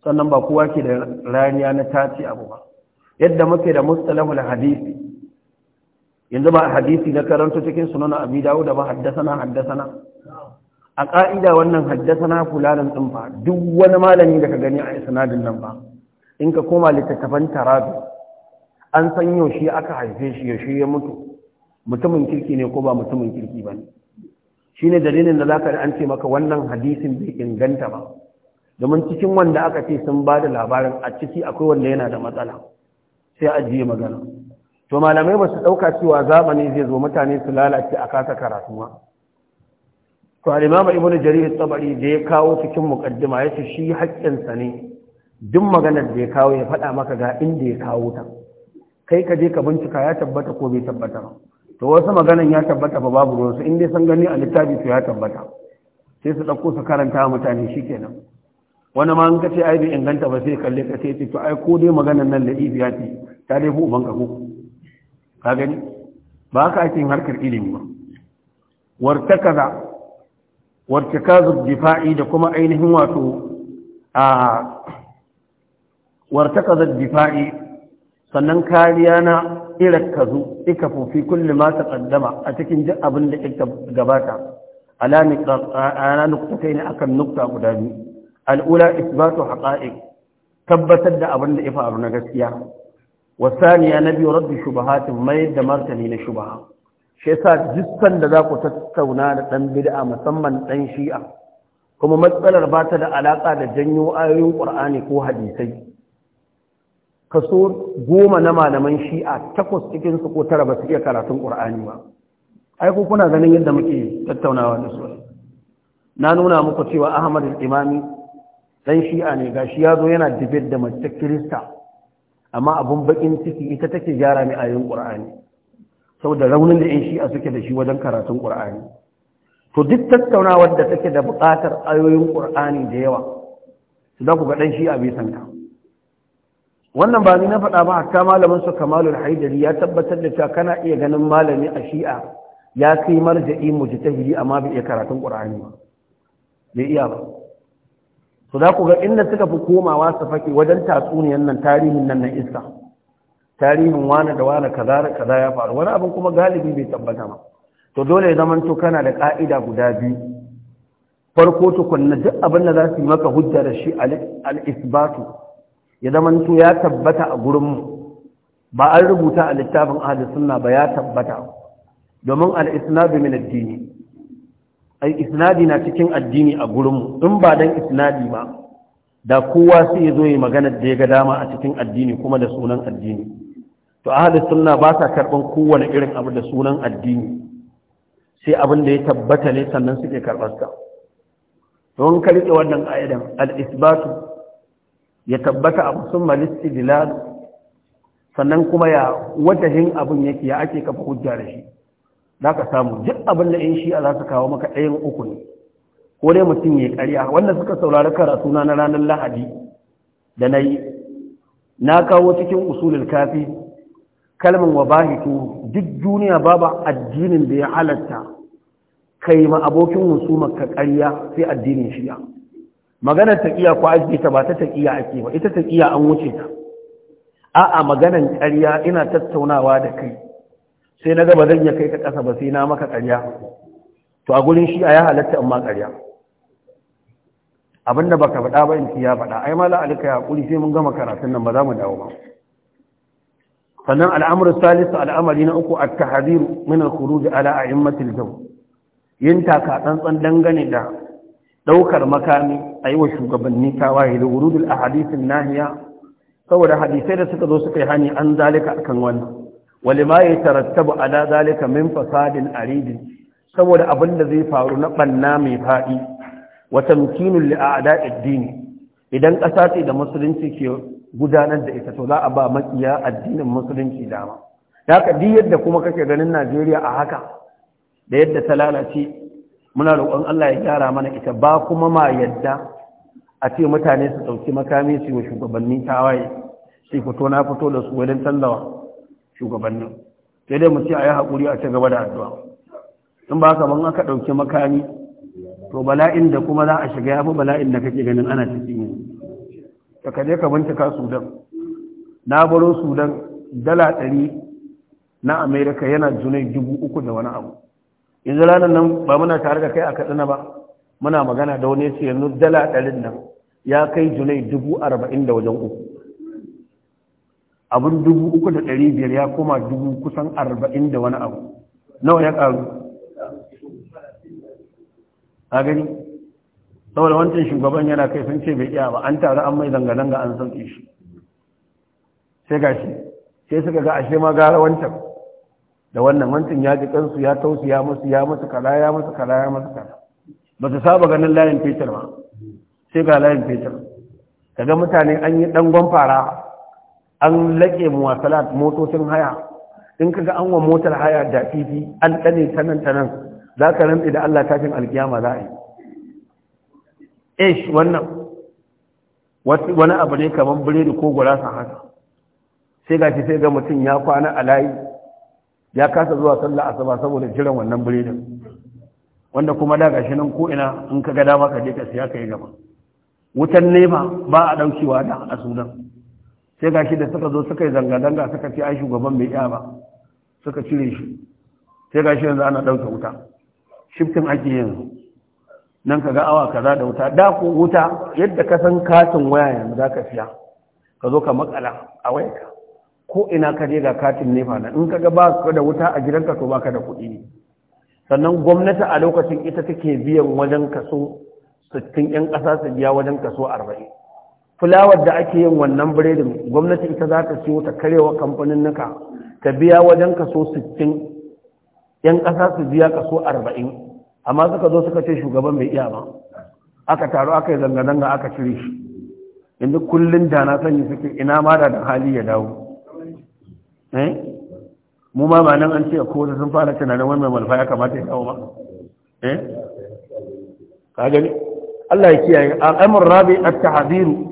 sannan ba kowa ke da rariya na tace abu ba yadda muke da mustalahul hadisi yanzu ba hadisi na karanto cikin sunan abi dawud ba haddasana haddasana a ka'ida wannan haddasana fulanin din fa duk wani malami da ka gani a isnadin nan ba in ka koma littattafan tarabi an san yaushe aka haife shi yaushe ya mutu mutumin kirki ne ko ba mutumin kirki ba ne shine dalilin da zaka an ce maka wannan hadisin bai inganta ba domin cikin wanda aka ce sun ba da labarin a ciki akwai wanda yana da matsala sai ajiye magana to malamai ba su ɗauka cewa zamani zai zo mutane su lalace a kasa karatu ba? to alimama ibnu jarir tabari da ya kawo cikin ya ce shi haƙƙinsa ne duk maganar da ya kawo ya faɗa maka ga inda ya kawo ta kai ka je ka bincika ya tabbata ko bai tabbata to wasu maganan ya tabbata ba babu ruwansu in dai san gani a littafi to ya tabbata sai su ɗauko su karanta mutane shi shikenan wani ma ka ce ai bai inganta ba sai kalle ka sai ce to ai ko dai maganar nan da ibiya ce ta dai bu uban kafu ka gani ba ka ake yin harkar ilimi ba wartakaza wartakazu difa'i da kuma ainihin wato a wartakaza difa'i sannan kariya na irakkazu ikafu fi kulli ma taqaddama a cikin duk abin da ya gabata ala kai ne akan nukta guda biyu al'ula isbatu haqa'iq tabbatar da abin da ya faru na gaskiya wasaniya na biyu raddu shubahatin mai da martani na shubaha shi yasa jissan da za ku tattauna da ɗan bid'a musamman ɗan shi'a kuma matsalar ba ta da alaƙa da janyo ayoyin ƙur'ani ko hadisai kaso goma na malaman shi'a takwas cikinsu ko tara ba su iya karatun ƙur'ani ba aiko kuna ganin yadda muke tattaunawa da su na nuna muku cewa ahmad imami Ɗan shi'a ne gashi ya zo yana dibir da mace kirista amma abun bakin ciki ita take gyara mai ayoyin qur'ani saboda raunin da yan shi'a suke da shi wajen karatun qur'ani to duk tattaunawar da take da buƙatar ayoyin qur'ani da yawa su da ku ga dan shi'a bai san ka wannan ba ni na faɗa ba hatta malamin su kamalul haidari ya tabbatar da cewa kana iya ganin malami a shi'a ya kai marja'i mujtahidi amma bai iya karatun qur'ani ba bai iya ba su za ku ga inda suka fi komawa su fake wajen tatsuniyan nan tarihin nan na iska tarihin wani da wani kaza da kaza ya faru wani abin kuma galibi bai tabbata ma to dole ya zama to kana da ka'ida guda biyu farko tukunna duk abin da za su yi maka hujja da shi al-isbatu ya zama to ya tabbata a gurin mu ba an rubuta a littafin ahli sunna ba ya tabbata domin al-isnadu min ai isnadi na cikin addini a gurinmu in ba dan isnadi ba da kowa sai ya zo yi magana da ya ga dama a cikin addini kuma da sunan addini to ahli sunna ba sa karban kowane irin abu da sunan addini sai abin da ya tabbata ne sannan suke karbar sa don ka rike wannan ayatan al isbat ya tabbata abu sun malistidlal sannan kuma ya wajahin abin yake ya ake kafa hujja da shi za ka samu duk abin da in shi'a za su kawo maka ɗayan uku ne ko dai mutum ya karya wanda suka saurari karatu na ranar lahadi da na yi na kawo cikin usulul kafi kalmin wa bahitu duk duniya babu addinin da ya halatta kai ma abokin husumar ka ƙarya sai addinin shi'a maganar taƙiya ko ake ta ba ta taƙiya ake ba ita taƙiya an wuce ta a'a maganar ƙarya ina tattaunawa da kai sai na gaba zan iya kai ka ƙasa ba sai na maka ƙarya to a gurin shi a ya halatta amma ƙarya abinda baka faɗa ba in ya faɗa ai mala alika ya hakuri sai mun gama karatun nan ba za mu dawo ba sannan al'amru salisu al'amari na uku at-tahdhiru min al-khuruj ala a'immatil jaw yin taka tsantsan dangane da daukar makami ayi wa shugabanni tawaye da wurudul ahadithin nahiya saboda hadisai da suka zo suka yi hani an zalika akan wannan walima ya tarattabu ala zalika min fasadin aridin saboda abin da zai faru na banna mai faɗi wa tamkinul li a'da'iddini idan ƙasa ce da musulunci ke gudanar da ita to za a ba makiya addinin musulunci dama haka duk yadda kuma kake ganin Najeriya a haka da yadda ta lalace muna roƙon Allah ya gyara mana ita ba kuma ma yadda a ce mutane su ɗauki makami su yi shugabannin tawaye sai fito na fito da su wajen tallawa shugabannin sai dai mu ce a yi haƙuri a ci gaba da addu'a in ba ka ban aka ɗauki makami to bala'in da kuma za a shiga ya fi bala'in da kake ganin ana ciki ne ka kaje ka bincika sudan na baro sudan dala ɗari na amerika yana junai dubu uku da wani abu yanzu ranar nan ba muna tare da kai a katsina ba muna magana da wani ce yanzu dala ɗarin nan ya kai junai dubu arba'in da wajen uku abin dubu uku da ɗari biyar ya koma dubu kusan arba'in da wani abu nawa ya ƙaru a gani saboda wancan shugaban yana kai sun ce bai iya ba an taru an mai zanga-zanga an sauƙi shi sai ga shi sai suka ga ashe ma gara wancan da wannan wancan ya ji kansu ya tausu ya musu ya musu kala ya musu kala ya musu kala ba su saba ganin layin fetur ba sai ga layin fetur kaga mutane an yi ɗangon fara an laƙe muwasalat motocin haya in kaga an wa motar haya da fifi an ɗane ta nan ta nan za ka rantsi da Allah tafin alkiyama za a yi ish wannan wani abu ne kamar biredi ko gurasa haka sai ga sai ga mutum ya kwana a layi ya kasa zuwa sallah asaba saboda jiran wannan biredin wanda kuma da gashi nan ko ina in ka ga dama ka je ka siya ka yi gaba wutan nema ba a ɗaukewa da a sunan sai shi da suka zo suka yi zanga-zanga suka ce ai shugaban mai iya ba suka cire shi sai shi yanzu ana ɗauke wuta shiftin ake yanzu nan ka ga awa kaza da wuta da ku wuta yadda ka san katin waya yanzu za ka siya ka zo ka makala a wayarka ko ina ka je ga katin nefa na in ka ga ba ka da wuta a gidanka to ba ka da kuɗi ne sannan gwamnati a lokacin ita take biyan wajen kaso 60 'yan ƙasa su biya wajen kaso arba'in. fulawar da ake yin wannan biredin gwamnati ita za ta siyo ta karewa kamfanin nuka ta biya wajen kaso 60 'yan ƙasa su biya kaso 40 amma suka zo suka ce shugaban bai iya ba aka taru aka yi zanga-zanga aka cire shi inda kullum da na sanyi suke ina ma da hali ya dawo eh? mu ma ba nan an ce ko sun fara tunanin wani mai malfa ya kamata ya dawo ma eh? ka gani Allah ya kiyaye al'amur rabi at tahdhir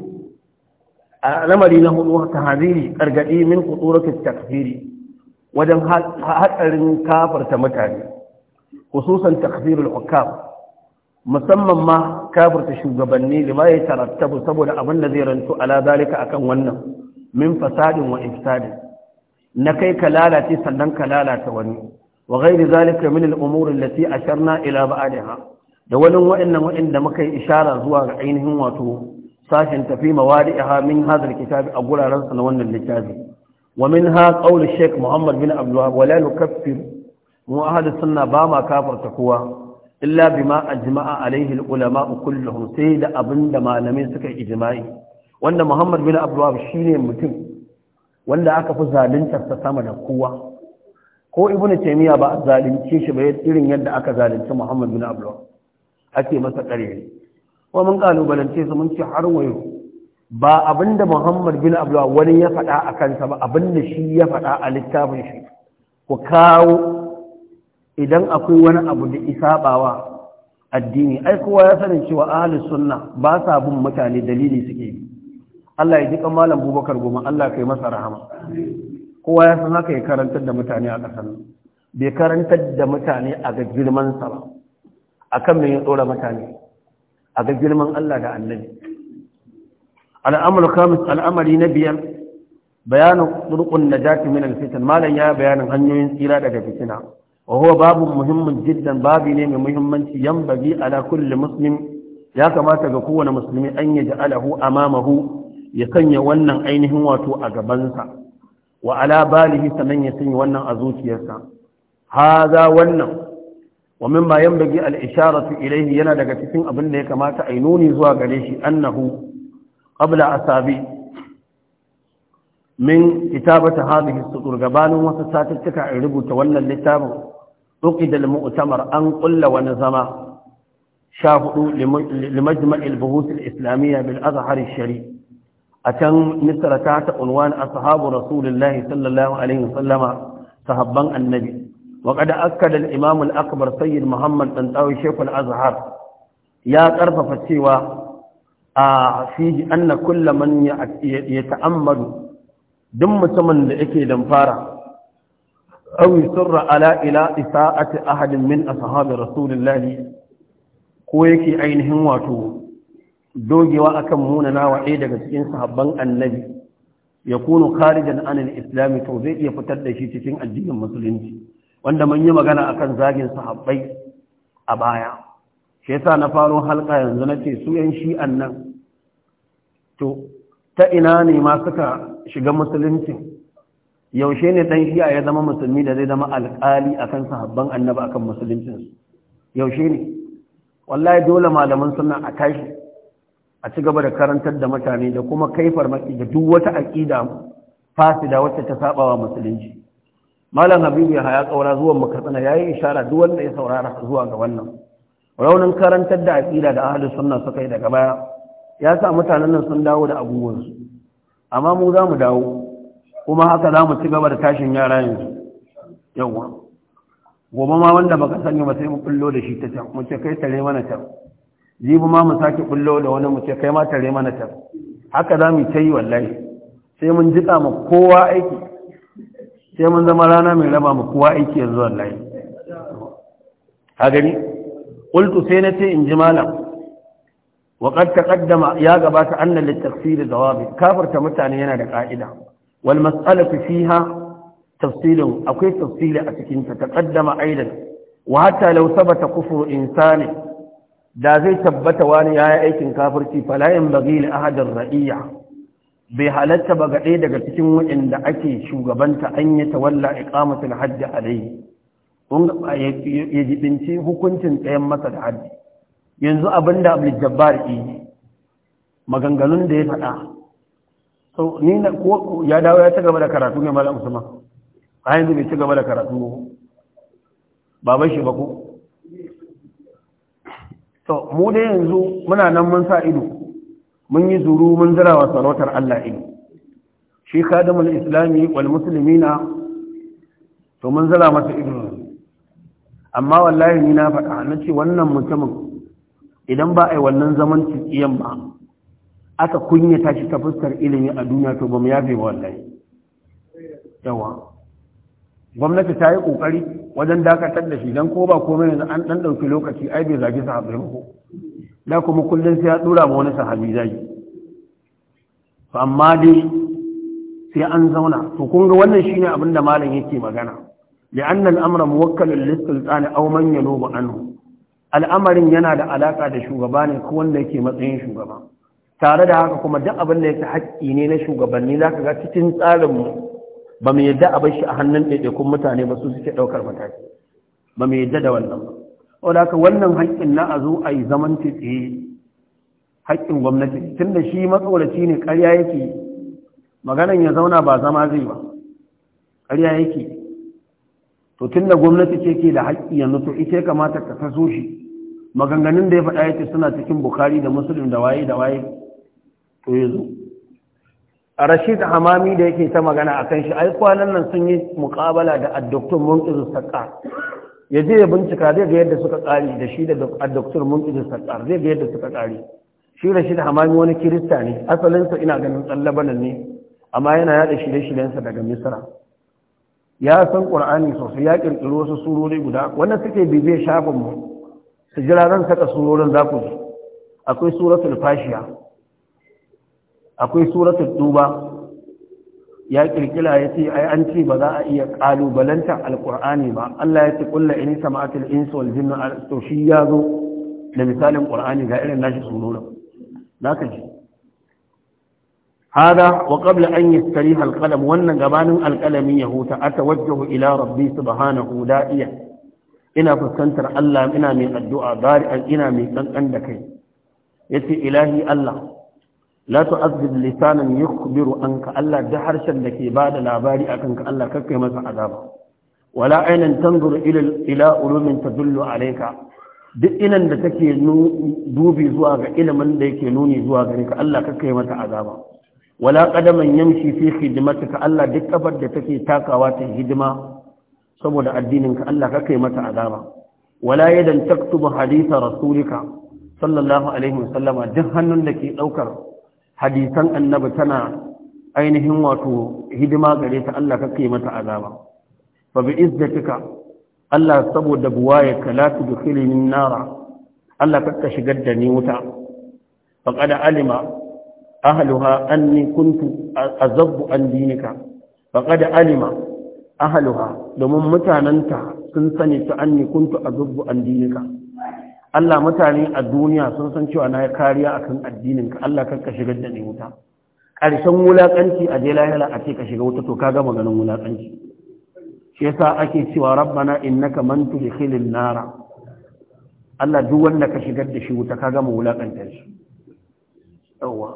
al'amari na hudu ta haziri gargadi min khuturati takfiri wajen hatsarin kafarta mutane khususan takfirul hukam musamman ma kafarta shugabanni lima ya tarattabu saboda abin da zai rantu ala zalika akan wannan min fasadin wa ifsadin na kai ka lalace sannan ka lalata wani wa ghairi zalika min al-umuri allati asharna ila ba'daha da wani wa'annan wa'anda muka yi isharar zuwa ga ainihin wato sashen tafi mawadi'iha min hadha kitabi a guraren sa na wannan littafi wa minha qawl Sheikh muhammad bin abdullah wa la nukaffir mu ahad sunna ba ma kafarta kowa illa bima ajma'a alaihi ulama kulluhum sai da abinda malamai suka yi ijma'i wanda muhammad bin abdullah shine mutum wanda aka fi zaluntarsa sama da kowa ko ibnu taymiya ba zalunce shi ba irin yadda aka zalunci muhammad bin abdullah ake masa ƙarere wa mun kalubalance su mun ce har wayo ba abinda Muhammad bin Abdullah wani ya faɗa a kansa ba abinda shi ya faɗa a littafin shi ku kawo idan akwai wani abu da isabawa addini ai kowa ya sanin cewa ahli sunna ba sa bin mutane dalili suke yi Allah ya ji kan malam Bubakar goma Allah kai masa rahama kowa ya san haka ya karantar da mutane a ƙasar bai karantar da mutane a ga girman sa ba akan me ya tsora mutane a ga girman Allah da annabi al'amur kamis al'amari na biyan bayanin turkun najati min alfitan malam ya bayanin hanyoyin tsira daga fitina wa huwa babu muhimmin jiddan babi ne mai muhimmanci yan bagi ala kulli muslim ya kamata ga kowane musulmi an ya ja'alahu amamahu ya sanya wannan ainihin wato a gabansa wa ala balihi sanan ya sanya wannan a zuciyarsa za wannan wa mimma yanbaghi al-isharatu ilayhi yana daga cikin abin da ya kamata a nuni zuwa gare shi annahu qabla asabi min kitabata hadhihi as-sudur gabanin wasu satuttuka in rubuta wannan littafin uqida da mutamar an ƙulla wani zama. sha hudu limajma' al-buhuth islamiyya bil azhar shari. A can misra ta unwan ashabu rasulillahi sallallahu alaihi wasallama sahabban annabi وقد أكد الإمام الأكبر سيد محمد تنطاوي شيخ الأزهر يا قرفف سوى فيه أن كل من يتأمل دم تمن لإكي دنفارة أو يسر على إلى إساءة أحد من أصحاب رسول الله كويكي عينهم واتو دوجي وأكم هنا ناوعي لغسين صحبا النبي يكون خارجا عن الإسلام توزيئ يفتد شيء تكين الدين المسلمين wanda mun yi magana akan zagin sahabbai a baya shi yasa na faro halka yanzu na ce su yan shi'an nan to ta ina ne ma suka shiga musulunci yaushe ne dan shi'a ya zama musulmi da zai zama alƙali akan sahabban annabi akan musulunci? yaushe ne wallahi dole malaman suna a tashi a ci gaba da karantar da mutane da kuma kai maki da duk wata aƙida fasida wacce ta saba wa musulunci malam habibu ya haya kaura zuwan makatsina ya yi ishara duk wanda ya saurara zuwa ga wannan raunin karantar da aƙida da ahalin sunna suka yi daga baya ya sa mutanen nan sun dawo da abubuwansu amma mu za mu dawo kuma haka za mu ci gaba da tashin yara yanzu yawwa gobe ma wanda baka sani ba sai mu kullo da shi ta can mu ce kai tare mana can jibi ma mu sake kullo da wani mu ce kai ma tare mana can haka za mu ta yi wallahi sai mun jika ma kowa aiki sai mun zama rana mai raba mu kowa aiki yanzu a gani qultu sai na ce in ji malam wa qad ya gabata anna lit tafsir kafarta mutane yana da ƙa'ida wal fi fiha tafsilun akwai tafsiri a cikinta ta taqaddama aidan wa hatta law sabata kufru insani da zai tabbata wani yi aikin kafirci fala yan bagi ahadin ra'iya bai halatta ba ga ɗaya daga cikin waɗanda ake shugabanta an yi tawalla iqamatul hajji alaihi ya jibinci hukuncin tsayen masa da hajji yanzu abin da abu jabbar yi maganganun da ya faɗa so ni na ko ya dawo ya ci gaba da karatu ne malam usman a yanzu bai ci gaba da karatu ba bai shi ba ko so mu dai yanzu muna nan mun sa ido mun yi zuru mun zira wa sarautar Allah ido shi kadamul islami wal muslimina to mun zira masa ido amma wallahi ni na faɗa na ce wannan mutumin idan ba a yi wannan zaman cikiyan ba aka kunyata shi ta fuskar ilimi a duniya to ba mu yafe ba wallahi yawa gwamnati ta yi ƙoƙari wajen dakatar da shi don ko ba komai yanzu an ɗan ɗauki lokaci ai bai zagi sahabbai ba ko da kuma kullum sai ya dura ma wani sahabi zagi amma dai sai an zauna to kun ga wannan shine abin da malam yake magana amra الأمر موكل للسلطان أو من ينوب a'nu. Al'amarin yana da alaka da shugabani ko wanda yake matsayin shugaba tare da haka kuma duk abin da yake haƙƙi ne na shugabanni zaka ga cikin tsarin mu ba mu yadda a bar shi a hannun ɗaiɗaikun mutane ba su suke ɗaukar mataki ba mu yadda da wannan ba wadda wannan haƙƙin na a zo a yi zaman tsaye haƙƙin gwamnati tun da shi matsoraci ne ƙarya yake maganan ya zauna ba zama zai ba ƙarya yake to tun da gwamnati ce ke da haƙƙi yanzu to ita ya kamata ka taso shi maganganun da ya faɗa yake suna cikin bukari da musulun da waye da waye to ya zo a rashid hamami da yake ta magana a kan shi ai kwanan nan sun yi muƙabala da addoktor munkizu saƙa ya je ya bincika zai ga yadda suka tsari da shi da doktor munkin sattar zai ga yadda suka tsari shi da shi da hamami wani kirista ne asalinsa ina ganin tsallabanan ne amma yana yada shirye-shiryensa daga misra ya san ƙur'ani sosai ya ƙirƙiri wasu surori guda wanda suke bibiyar shafin mu su jira zan saka surorin za ku ji akwai suratul fashiya akwai suratul duba ya kirkira ya ce ai an ce ba za a iya kalubalantar alkur'ani ba Allah ya ce kulla in sama'atul insu wal to shi ya zo da misalin qur'ani ga irin nashi sunura zaka ji hada wa qabla an yastariha alqalam wannan gabanin alqalami ya huta atawajjahu ila rabbi subhanahu da'iya ina fuskantar Allah ina mai addu'a bari ina mai kankan da kai yace ilahi Allah la tu'azzib lisanan yukhbiru anka Allah da harshen da ke bada labari akan ka Allah kakkai masa azaba wala aynan tanzuru ila ila ulumin tadullu alayka duk inan da take dubi zuwa ga ilimin da yake nuni zuwa gare ka Allah kakkai masa azaba wala qadaman yamshi fi khidmatika Allah duk kafar da take takawa ta hidima saboda addinin ka Allah kakkai mata azaba wala yadan taktubu haditha rasulika sallallahu alaihi wasallama duk hannun da ke daukar hadisan annabi tana ainihin wato hidima gare ta Allah kake mata azaba fa bi izzatika Allah saboda ka la tudkhili min nara Allah kaka shigar da ni wuta fa qad alima ahluha anni kuntu azabbu an dinika fa qad alima ahluha domin mutananta sun sani ta anni kuntu azabbu an dinika Allah mutane a duniya sun san cewa na kariya akan addinin ka Allah kan ka shigar da ni wuta ƙarshen wulaƙanci a je lahira a ce ka shiga wuta to ka gama ganin wulaƙanci shi yasa ake cewa rabbana innaka man tudkhilin nara Allah duk wanda ka shigar da shi wuta ka gama wulaƙantar shi yawa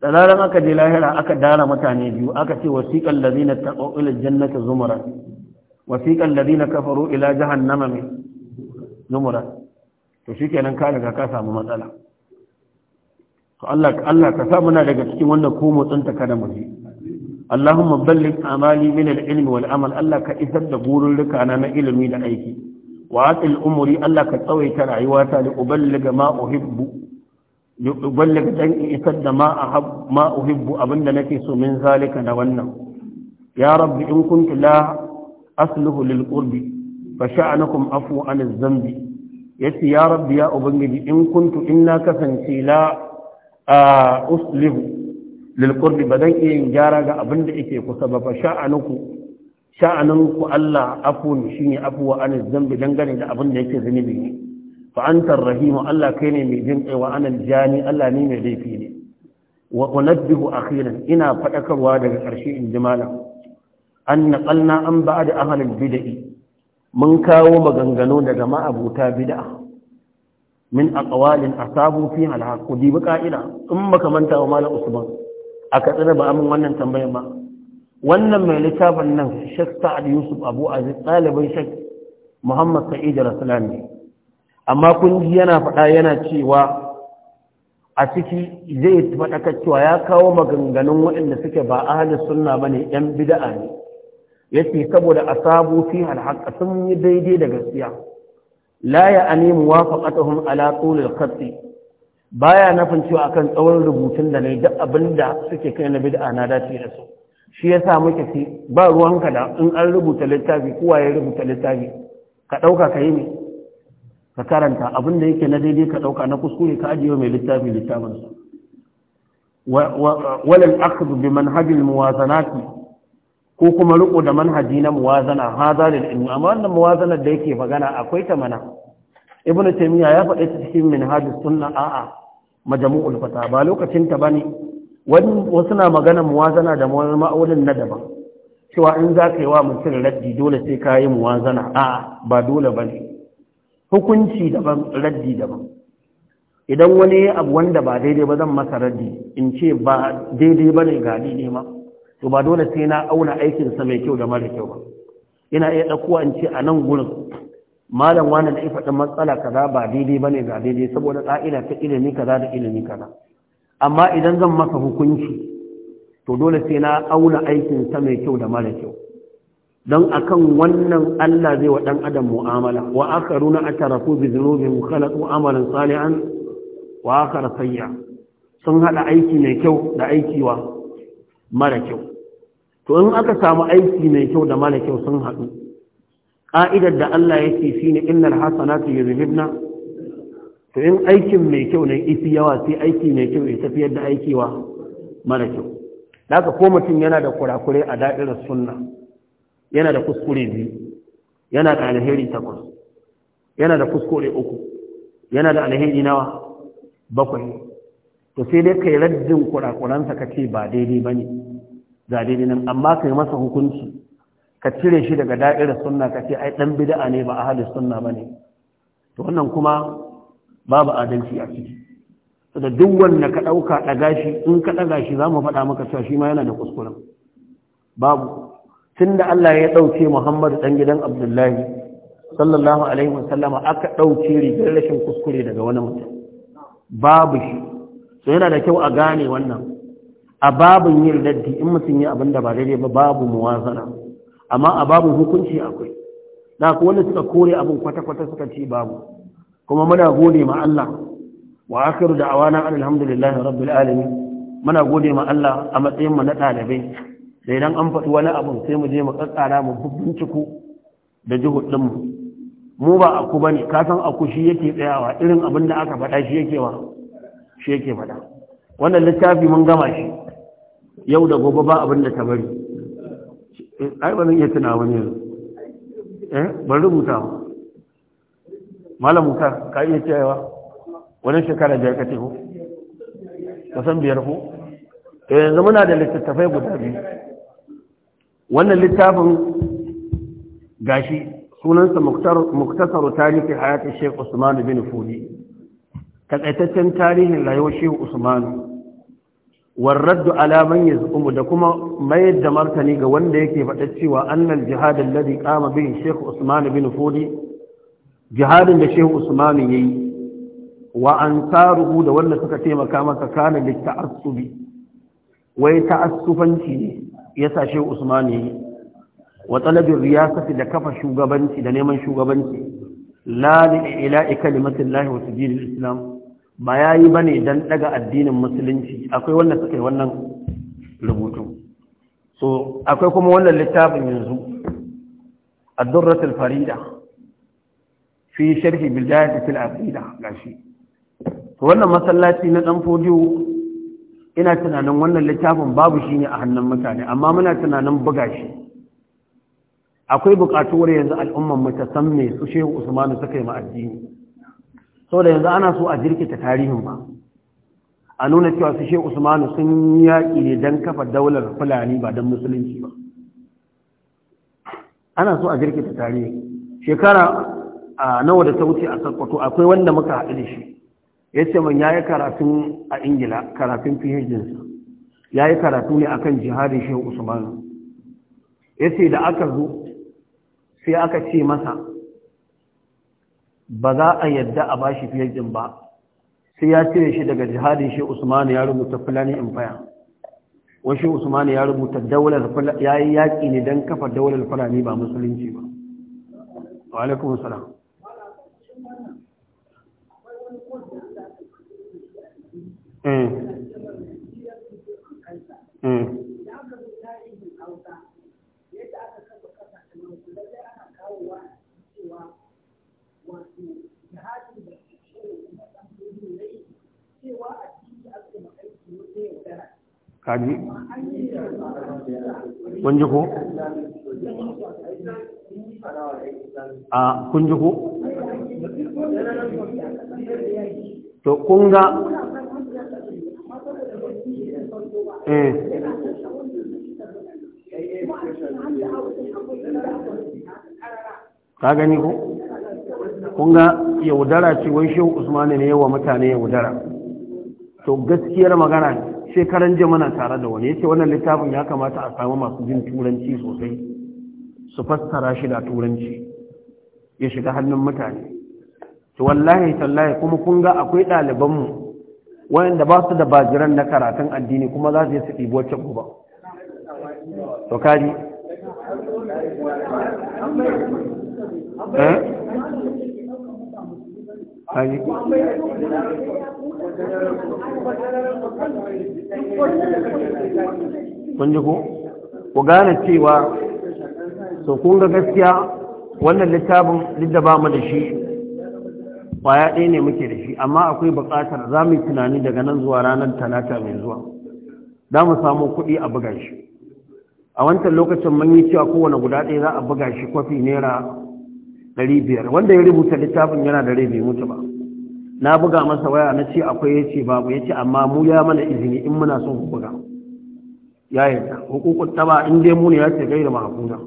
da zaran aka je lahira aka dara mutane biyu aka ce wasiqal ladina taqaw ila jannati zumara wasiqal ladina kafaru ila jahannama min zumara to shi kenan ka riga ka samu matsala to Allah ka sa muna daga cikin wannan ko motsin ta kada mu ji Allahumma balligh amali min al-ilmi wal amal Allah ka isar da burin rukana na ilimi da aiki wa atil umri Allah ka tsawaita rayuwata li uballiga ma uhibbu uballiga dan isar da ma ahab ma uhibbu abinda nake so min zalika da wannan ya rabbi in kuntu la asluhu lil qurbi fa sha'anakum afu an az-zambi yace ya rabbi ya ubangiji in kuntu in na kasance la uslihu lil ba zan iya gyara ga abin da yake kusa ba fa sha'anuku sha'aninku Allah afun shine afwa an zambi dangane da abin da yake zunubi ne fa anta rahimu Allah kai ne mai jin kai wa anan jani Allah ne mai laifi ne wa unabbihu akhiran ina fadakarwa daga karshe in ji malam an naqalna an ba'd ahli bid'i mun kawo maganganu daga ma'abuta bid'a min aqwalin asabu fi al-haqq bi in baka manta wa malam usman aka Katsina ba amin wannan tambayar ba wannan mai littafin nan Sheikh Sa'ad Yusuf Abu Aziz ɗaliban Sheikh Muhammad Sa'id rasulani ne amma kun ji yana faɗa yana cewa a ciki zai faɗa cewa ya kawo maganganun waɗanda suke ba ahlus sunna ne, yan bida'a ne yace saboda asabu fi alhaqa sun yi daidai da gaskiya la ya ani muwafaqatuhum ala tulil khat baya nafin cewa akan tsawon rubutun da nayi duk abinda suke kai na bid'a na dace da su shi yasa muke ce ba ruwanka da in an rubuta littafi kowa ya rubuta littafi ka dauka kai ne ka karanta abinda yake na daidai ka dauka na kuskure ka ajiye mai littafi littafin sa wal akhd bi manhaj al muwazanati ko kuma riko da manhaji na muwazana hada da ilmi amma wannan muwazana da yake magana akwai ta mana ibnu taymiya ya faɗa ta cikin minhajus sunna a'a majmu'ul fata ba lokacin ta bane wani wasu na magana muwazana da wani na daban cewa in za ka yi wa mutum raddi dole sai ka yi muwazana a'a ba dole bane hukunci daban raddi daban idan wani abu wanda ba daidai ba zan masa raddi in ce ba daidai bane ga ni ne ma to ba dole sai na auna aikinsa mai kyau da mara kyau ba ina iya dakuwa in ce a nan gurin malam wani da ifa matsala kaza ba daidai ba ne ga daidai saboda ƙa'ida ta ilimi kaza da ilimi kaza amma idan zan maka hukunci to dole sai na auna aikin aikinsa mai kyau da mara kyau don akan wannan Allah zai wa ɗan adam mu'amala wa akharuna atarafu bi zunubin khalaqu amalan salihan wa akhar sayya sun haɗa aiki mai kyau da aiki aikiwa mara kyau to in aka samu aiki mai kyau da mala kyau sun haɗu ƙa'idar da Allah ya yake shine innal hasanatu yuzhibna to in aikin mai kyau ne ifi yawa sai aiki mai kyau ya tafi yadda aikiwa wa mara kyau haka ko mutum yana da kurakure a da'irar sunna yana da kuskure biyu yana da alheri takwas yana da kuskure uku yana da alheri nawa bakwai to sai dai kai raddin kurakuransa kace ba daidai bane ga daidai nan amma ka masa hukunci ka cire shi daga da'irar sunna ka ce ai dan bid'a ne ba ahli sunna bane to wannan kuma babu adalci a ciki da duk wanda ka dauka daga shi in ka daga shi zamu faɗa maka cewa shi ma yana da kuskuren babu tunda Allah ya dauke Muhammad dan gidan Abdullahi sallallahu alaihi wasallama aka dauke rigar rashin kuskure daga wani mutum babu shi so yana da kyau a gane wannan a babin yin laddi, in mutum yi abin da ba daidai ba babu muwazana amma a babu hukunci akwai Da ku wanda suka kore abin kwata-kwata suka ce babu kuma muna gode ma Allah wa akhiru da'awana alhamdulillahi rabbil alamin muna gode ma Allah a matsayin mu na ɗalibai da idan an faɗi wani abu sai mu je mu kakkara mu binciko da juhudin mu mu ba aku bane ka san aku shi yake tsayawa irin abin da aka faɗa shi yake wa shi yake faɗa wannan littafi mun gama shi yau da gobe ba abin da ta bari ai ba zan iya tuna wani yau. eh ban rubuta ba malam muka ka iya cewa wani shekara biyar ka teku san biyar ko eh, yanzu muna da littattafai guda biyu wannan littafin gashi sunansa muktasar tarihi hayati sheikh usman bin fudi takaitaccen tarihin rayuwar shehu usman warraddu ala man yazqumu da kuma mayar da martani ga wanda yake faɗa cewa annal jihad alladhi qama bihi Sheikh Usman bin fudi jihadin da Sheikh Usman yayi wa ansaruhu da wanda suka taimaka masa kana da ta'assubi wai ta'assufanci ne yasa Sheikh Usman yayi wa talabir riyasati da kafa shugabanci da neman shugabanci la li ila'i kalimatillahi wa sujudil islam ba ya yi ba ne don daga addinin musulunci akwai wanda suka yi wannan rubutu so akwai kuma wannan littafin yanzu durratul farida fi sharhi bidayati fil aqida gashi to wannan masallaci na dan fodiyo ina tunanin wannan littafin babu shi ne a hannun mutane amma muna tunanin buga shi akwai buƙatuwar yanzu al'umman mu ta san me su shehu usmanu suka yi ma addini so da yanzu ana so a jirkita tarihin ba a nuna cewa su she usmanu sun yaƙi ne don kafa daular fulani ba don musulunci ba ana so a jirkita tarihin. shekara a nawa da ta wuce a sarkwato akwai wanda muka haɗu da shi ya ce man ya yi karatun a ingila karatun phd ya yi karatu ne akan jihadin shehu usmanu ya ce da aka zo sai aka ce masa ba za a yadda a bashi fiye ɗin ba sai ya cire shi daga jihadin shi Usman ya rubuta fulani empire wani shi Usman ya rubuta daular ya yi yaki ne don kafa daular fulani ba musulunci ba wa Mm. hmm, hmm. kaji kun ji ku a kun ji ku to kun ga eh ka gani ku kun ga yaudara ce wai shehu usmani ne yawa mutane yaudara to gaskiyar magana shekaran muna tare da wani yake wannan littafin ya kamata a samu masu jin turanci sosai su fassara shi da turanci ya shiga hannun mutane to wallahi tallahi kuma kun ga akwai ɗaliban mu wanda ba su da bajiran na karatun addini kuma za su yi su ɗibo wacce gobe to kaji eh kun ji ko ku gane cewa so kun ga gaskiya wannan littafin duk da ba mu da shi kwaya ɗaya ne muke da shi amma akwai buƙatar za mu yi tunani daga nan zuwa ranar talata mai zuwa za mu samu kuɗi a buga shi a wancan lokacin mun yi cewa kowane guda ɗaya za a buga shi kwafi naira ɗari biyar wanda ya rubuta littafin yana da rai bai mutu ba na buga masa waya na ce akwai ya ce babu ya ce amma mu ya mana izini in muna son buga ya yadda hukukun taba in dai mu ya ce gaira mahafuza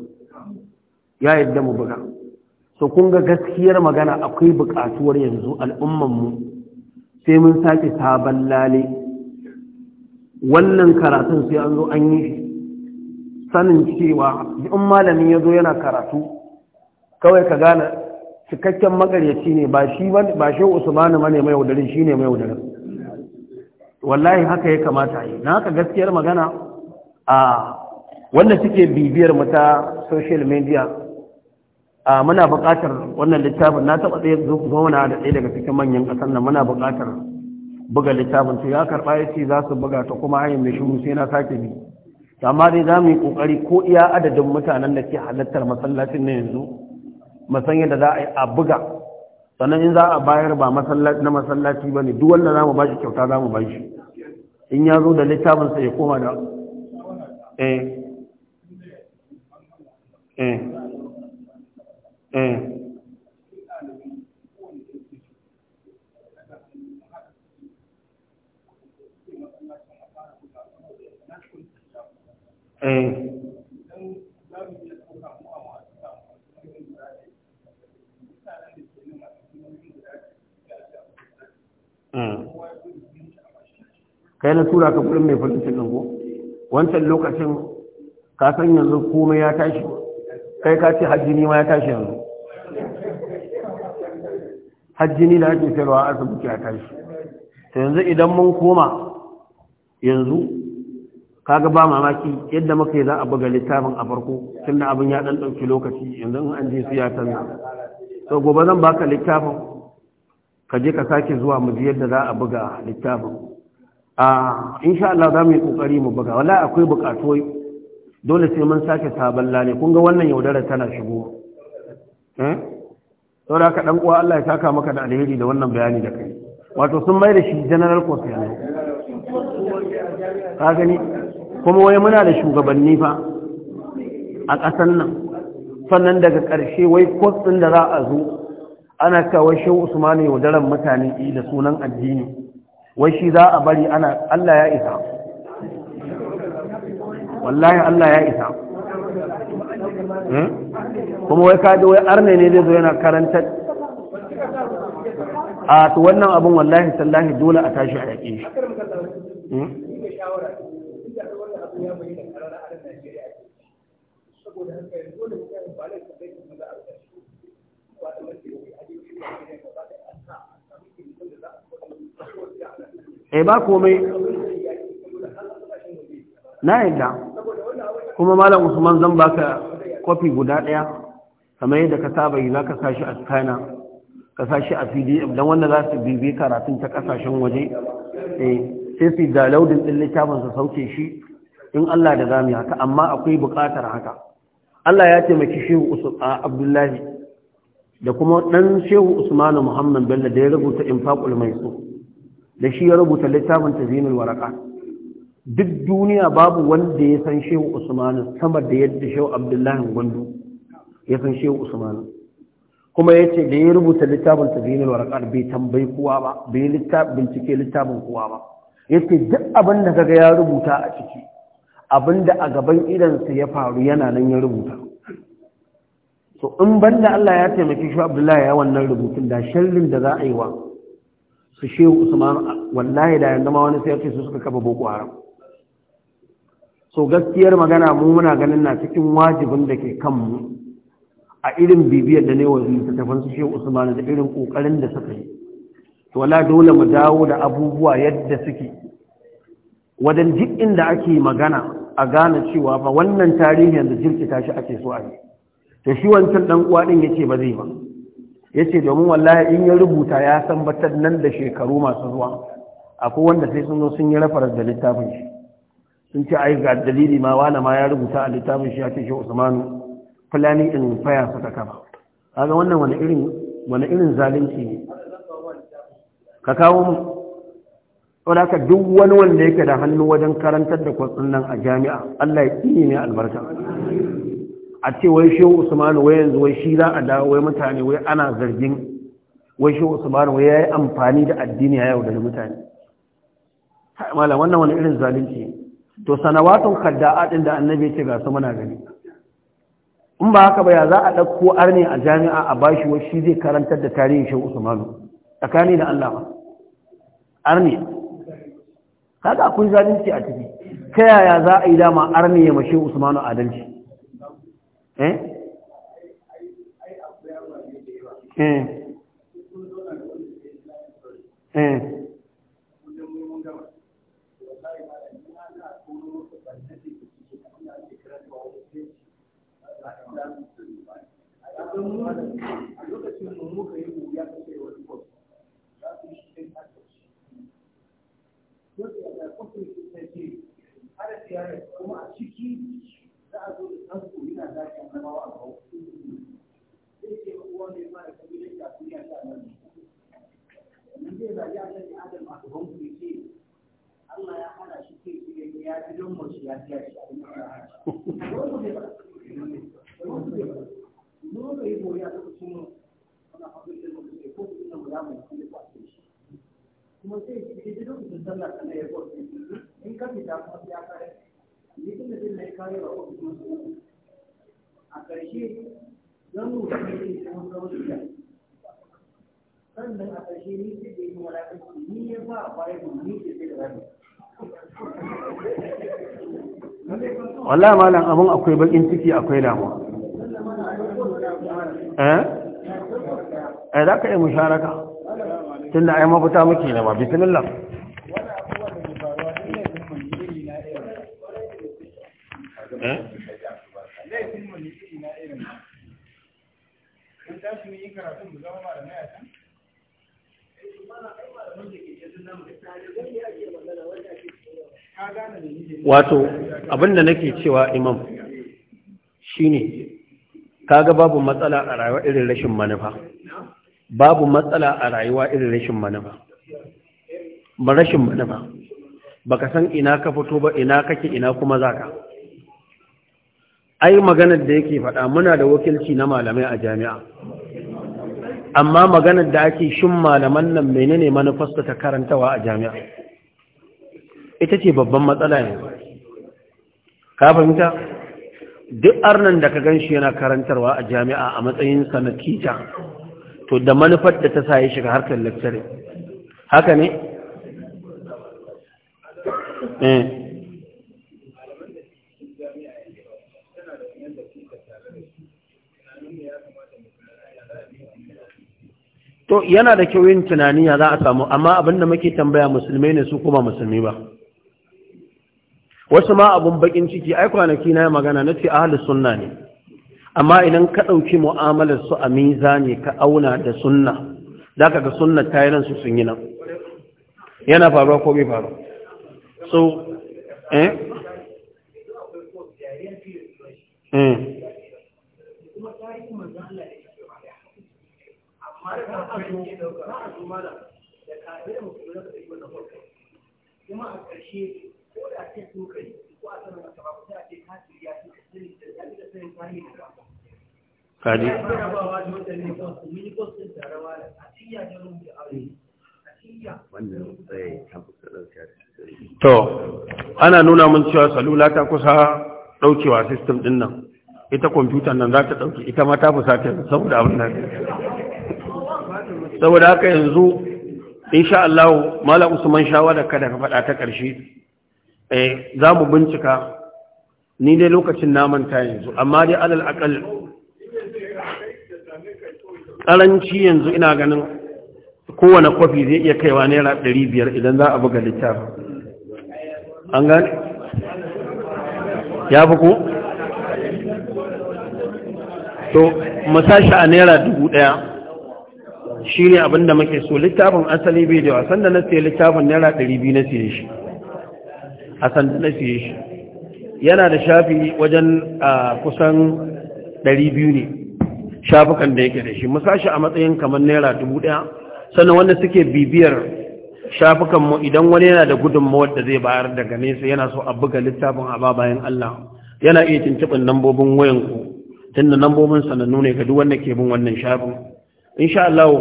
ya yadda mu buga so kun ga gaskiyar magana akwai buƙatuwar yanzu al'ummanmu sai mun sake sabon lale wannan karatun sai an zo an yi sanin cewa in malamin ya zo yana karatu kawai ka gane cikakken magaryaci ne ba shi ba shi usmanu mane mai yaudarin shine mai yaudarin wallahi haka ya kamata yi na haka gaskiyar magana a wanda suke bibiyar mu ta social media a muna buƙatar wannan littafin na taɓa tsaye zauna da ɗaya daga cikin manyan ƙasar nan muna buƙatar buga littafin to ya karɓa ya ce za su buga ta kuma hanyar mai shiru sai na sake bi amma dai za mu yi ƙoƙari ko iya adadin mutanen da ke halartar masallacin na yanzu masan yadda za a yi a buga sannan in za a bayar ba na masallaci ba ne duk wanda za mu ba kyauta za mu ba in ya zo da littafinsa ya koma da eh, eh, eh. eh. kai na tura ka kudin mai furnitin ɗin ko wancan lokacin ka san yanzu komai ya tashi kai ka ce hajjini ma ya tashi yanzu hajjini da ake sayarwa a asibiti ya tashi to yanzu idan mun koma yanzu kaga ba mamaki yadda muka yi za a buga littafin a farko tunda abin ya ɗan ɗauki lokaci yanzu in an je su ya canza to gobe zan baka littafin ka je ka sake zuwa mu ji yadda za a buga littafin a insha Allah za mu yi kokari mu buga wallahi akwai bukatu dole sai mun sake sabon lale kun ga wannan yaudara tana shigo eh da ka dan uwa Allah ya saka maka da alheri da wannan bayani da kai wato sun mai da shi general course ne ka gani kuma wai muna da shugabanni fa a ƙasar nan sannan daga ƙarshe wai course din da za a zo ana cewa wai usman ya wadaran mutane da sunan addini wai shi za a bari ana Allah ya isa wallahi Allah ya isa hmm? kuma wai kaji wai arne ne zai zo yana karanta a to wannan abun wallahi sallahi dole a tashi a yake shi hmm? saboda haka dole E ba komai na yadda kuma malam usman zan baka kofi guda ɗaya, kamar yadda ka saba yi ka sashi a kana ka sashi a pdf don wanda za su bibi karatun ta kasashen waje eh sai su da laudin din littafin su sauke shi in Allah da yi haka amma akwai buƙatar haka Allah ya taimaki Shehu Usman Abdullahi da kuma ɗan Shehu Usmanu Muhammad Bello da ya rubuta Infaqul su. da shi ya rubuta littafin tazimul waraka duk duniya babu wanda ya san shehu usmanu sama da yadda shehu abdullahi gwandu ya san shehu usmanu kuma ya ce da ya rubuta littafin tazimul waraka bai tambayi kowa ba bai bincike littafin kowa ba ya ce duk abin da kaga ya rubuta a ciki abin da a gaban idansa ya faru yana nan ya rubuta To in banda Allah ya taimaki shi Abdullahi ya wannan rubutun da shirrin da za a yi wa su shehu usman wallahi da yanzu ma wani sai su suka kafa boko haram so gaskiyar magana mu muna ganin na cikin wajibin da ke kanmu a irin bibiyar da ne wa littattafan su shehu usman da irin kokarin da suka yi to wala dole mu dawo da abubuwa yadda suke wadan duk inda ake magana a gane cewa ba wannan tarihin yanzu jirki tashi ake so a yi to shi wancan dan uwa din yace ba zai ba ya ce domin wallahi in ya rubuta ya san batar nan da shekaru masu zuwa akwai wanda sai sun zo sun yi rafarar da littafin shi sun ce ai ga dalili ma wala ma ya rubuta a littafin shi ya ce shi usmanu fulani in faya su ta A kaga wannan wani irin wani zalunci ne ka kawo mu duk wani wanda yake da hannu wajen karantar da kwatsun nan a jami'a Allah ya ne albarka a ce wai shehu usmanu wai yanzu wai shi za a dawo wai mutane wai ana zargin wai shehu usmanu wai yayi amfani da addini ya yau da mutane malam wannan wani irin zalunci to sanawatun kadda'a din da annabi ya ce ga su muna gani in ba haka ba ya za a ɗauko arne a jami'a a bashi wa shi zai karantar da tarihin shehu usmanu tsakani da allah ba arne kaga akwai zalunci a ciki ta yaya za a yi dama arne ya mashe usmanu adalci eh eh, eh. a ciki za a zo da tsanko yana zaki a nabawa a kawo zai ce uwa mai mara kabi da ya sha nan zai a nan adam a gaban ku ce Allah ya hana shi ke shi ya fi don mace ya fi shi a yi ana da mu ko kuma da kuma sai shi da kana ya gwada in ka fita kare mutum da zai kare wa a a ƙarshe ni mu ni malam abin akwai bakin ciki akwai damuwa. Eh? Eh za ka yi musharaka. Tunda ai mafita muke ne ba, bismillah. Eh? wato abinda nake cewa imam shine kaga babu matsala a rayuwa irin rashin manufa babu matsala a rayuwa irin rashin manufa ba rashin manufa baka san ina ka fito ba ina kake ina kuma zaka ai maganar da yake faɗa muna da wakilci na malamai a jami'a amma maganar da ake shin malaman nan menene manufarsa ta karantawa a jami'a ita ce babban matsala ne. ka fahimta duk arnan da ka gan shi yana karantarwa a jami'a a matsayin na to da manufar da ta sa ya shiga harkar lecturing haka ne? eh to yana da kyau yin tunani ya za a samu amma abin da muke tambaya musulmai ne su kuma musulmi ba wasu ma abun bakin ciki ai kwanaki na magana na ce ahlus sunna ne amma idan ka ɗauki mu'amalar su a mizani ka auna da sunna da ka ga sunna ta yi nan su sun yi nan yana faruwa ko bai faru so eh eh to ana nuna mun cewa salula ta kusa ɗaukewa sistem ɗin nan ita kwamfutan nan za ta ɗauki ita ma ta fusa ta saboda abin ke. saboda haka yanzu insha Allah malam Usman da kada ka fada ta karshe eh za mu bincika ni dai lokacin na manta yanzu amma dai alal aqal karanci yanzu ina ganin kowane kwafi zai iya kaiwa naira ɗari biyar idan za a buga littafi an gane ya fi to mu a naira dubu daya. ne abin da muke so littafin asali bai da wasan da na siya littafin naira ɗari biyu na siya shi a sandu na siya shi yana da shafi wajen kusan ɗari biyu ne shafukan da yake da shi musashi a matsayin kamar naira dubu ɗaya sannan wanda suke bibiyar shafukan mu. idan wani yana da gudunmawar da zai bayar daga nesa yana so a buga littafin a bayan Allah yana iya tuntuɓin lambobin wayanku tun da lambobin sanannu ne ga duk wanda ke bin wannan shafin insha Allah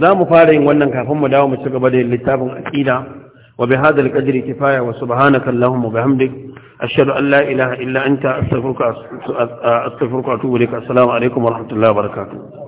za mu fara yin wannan kafin mu dawo mu ci gaba da littafin aqida wa bi hadha al-qadri kifaya wa subhanaka allahumma bihamdik ashhadu an la ilaha illa anta astaghfiruka wa atubu ilaik assalamu alaikum wa rahmatullahi wa barakatuh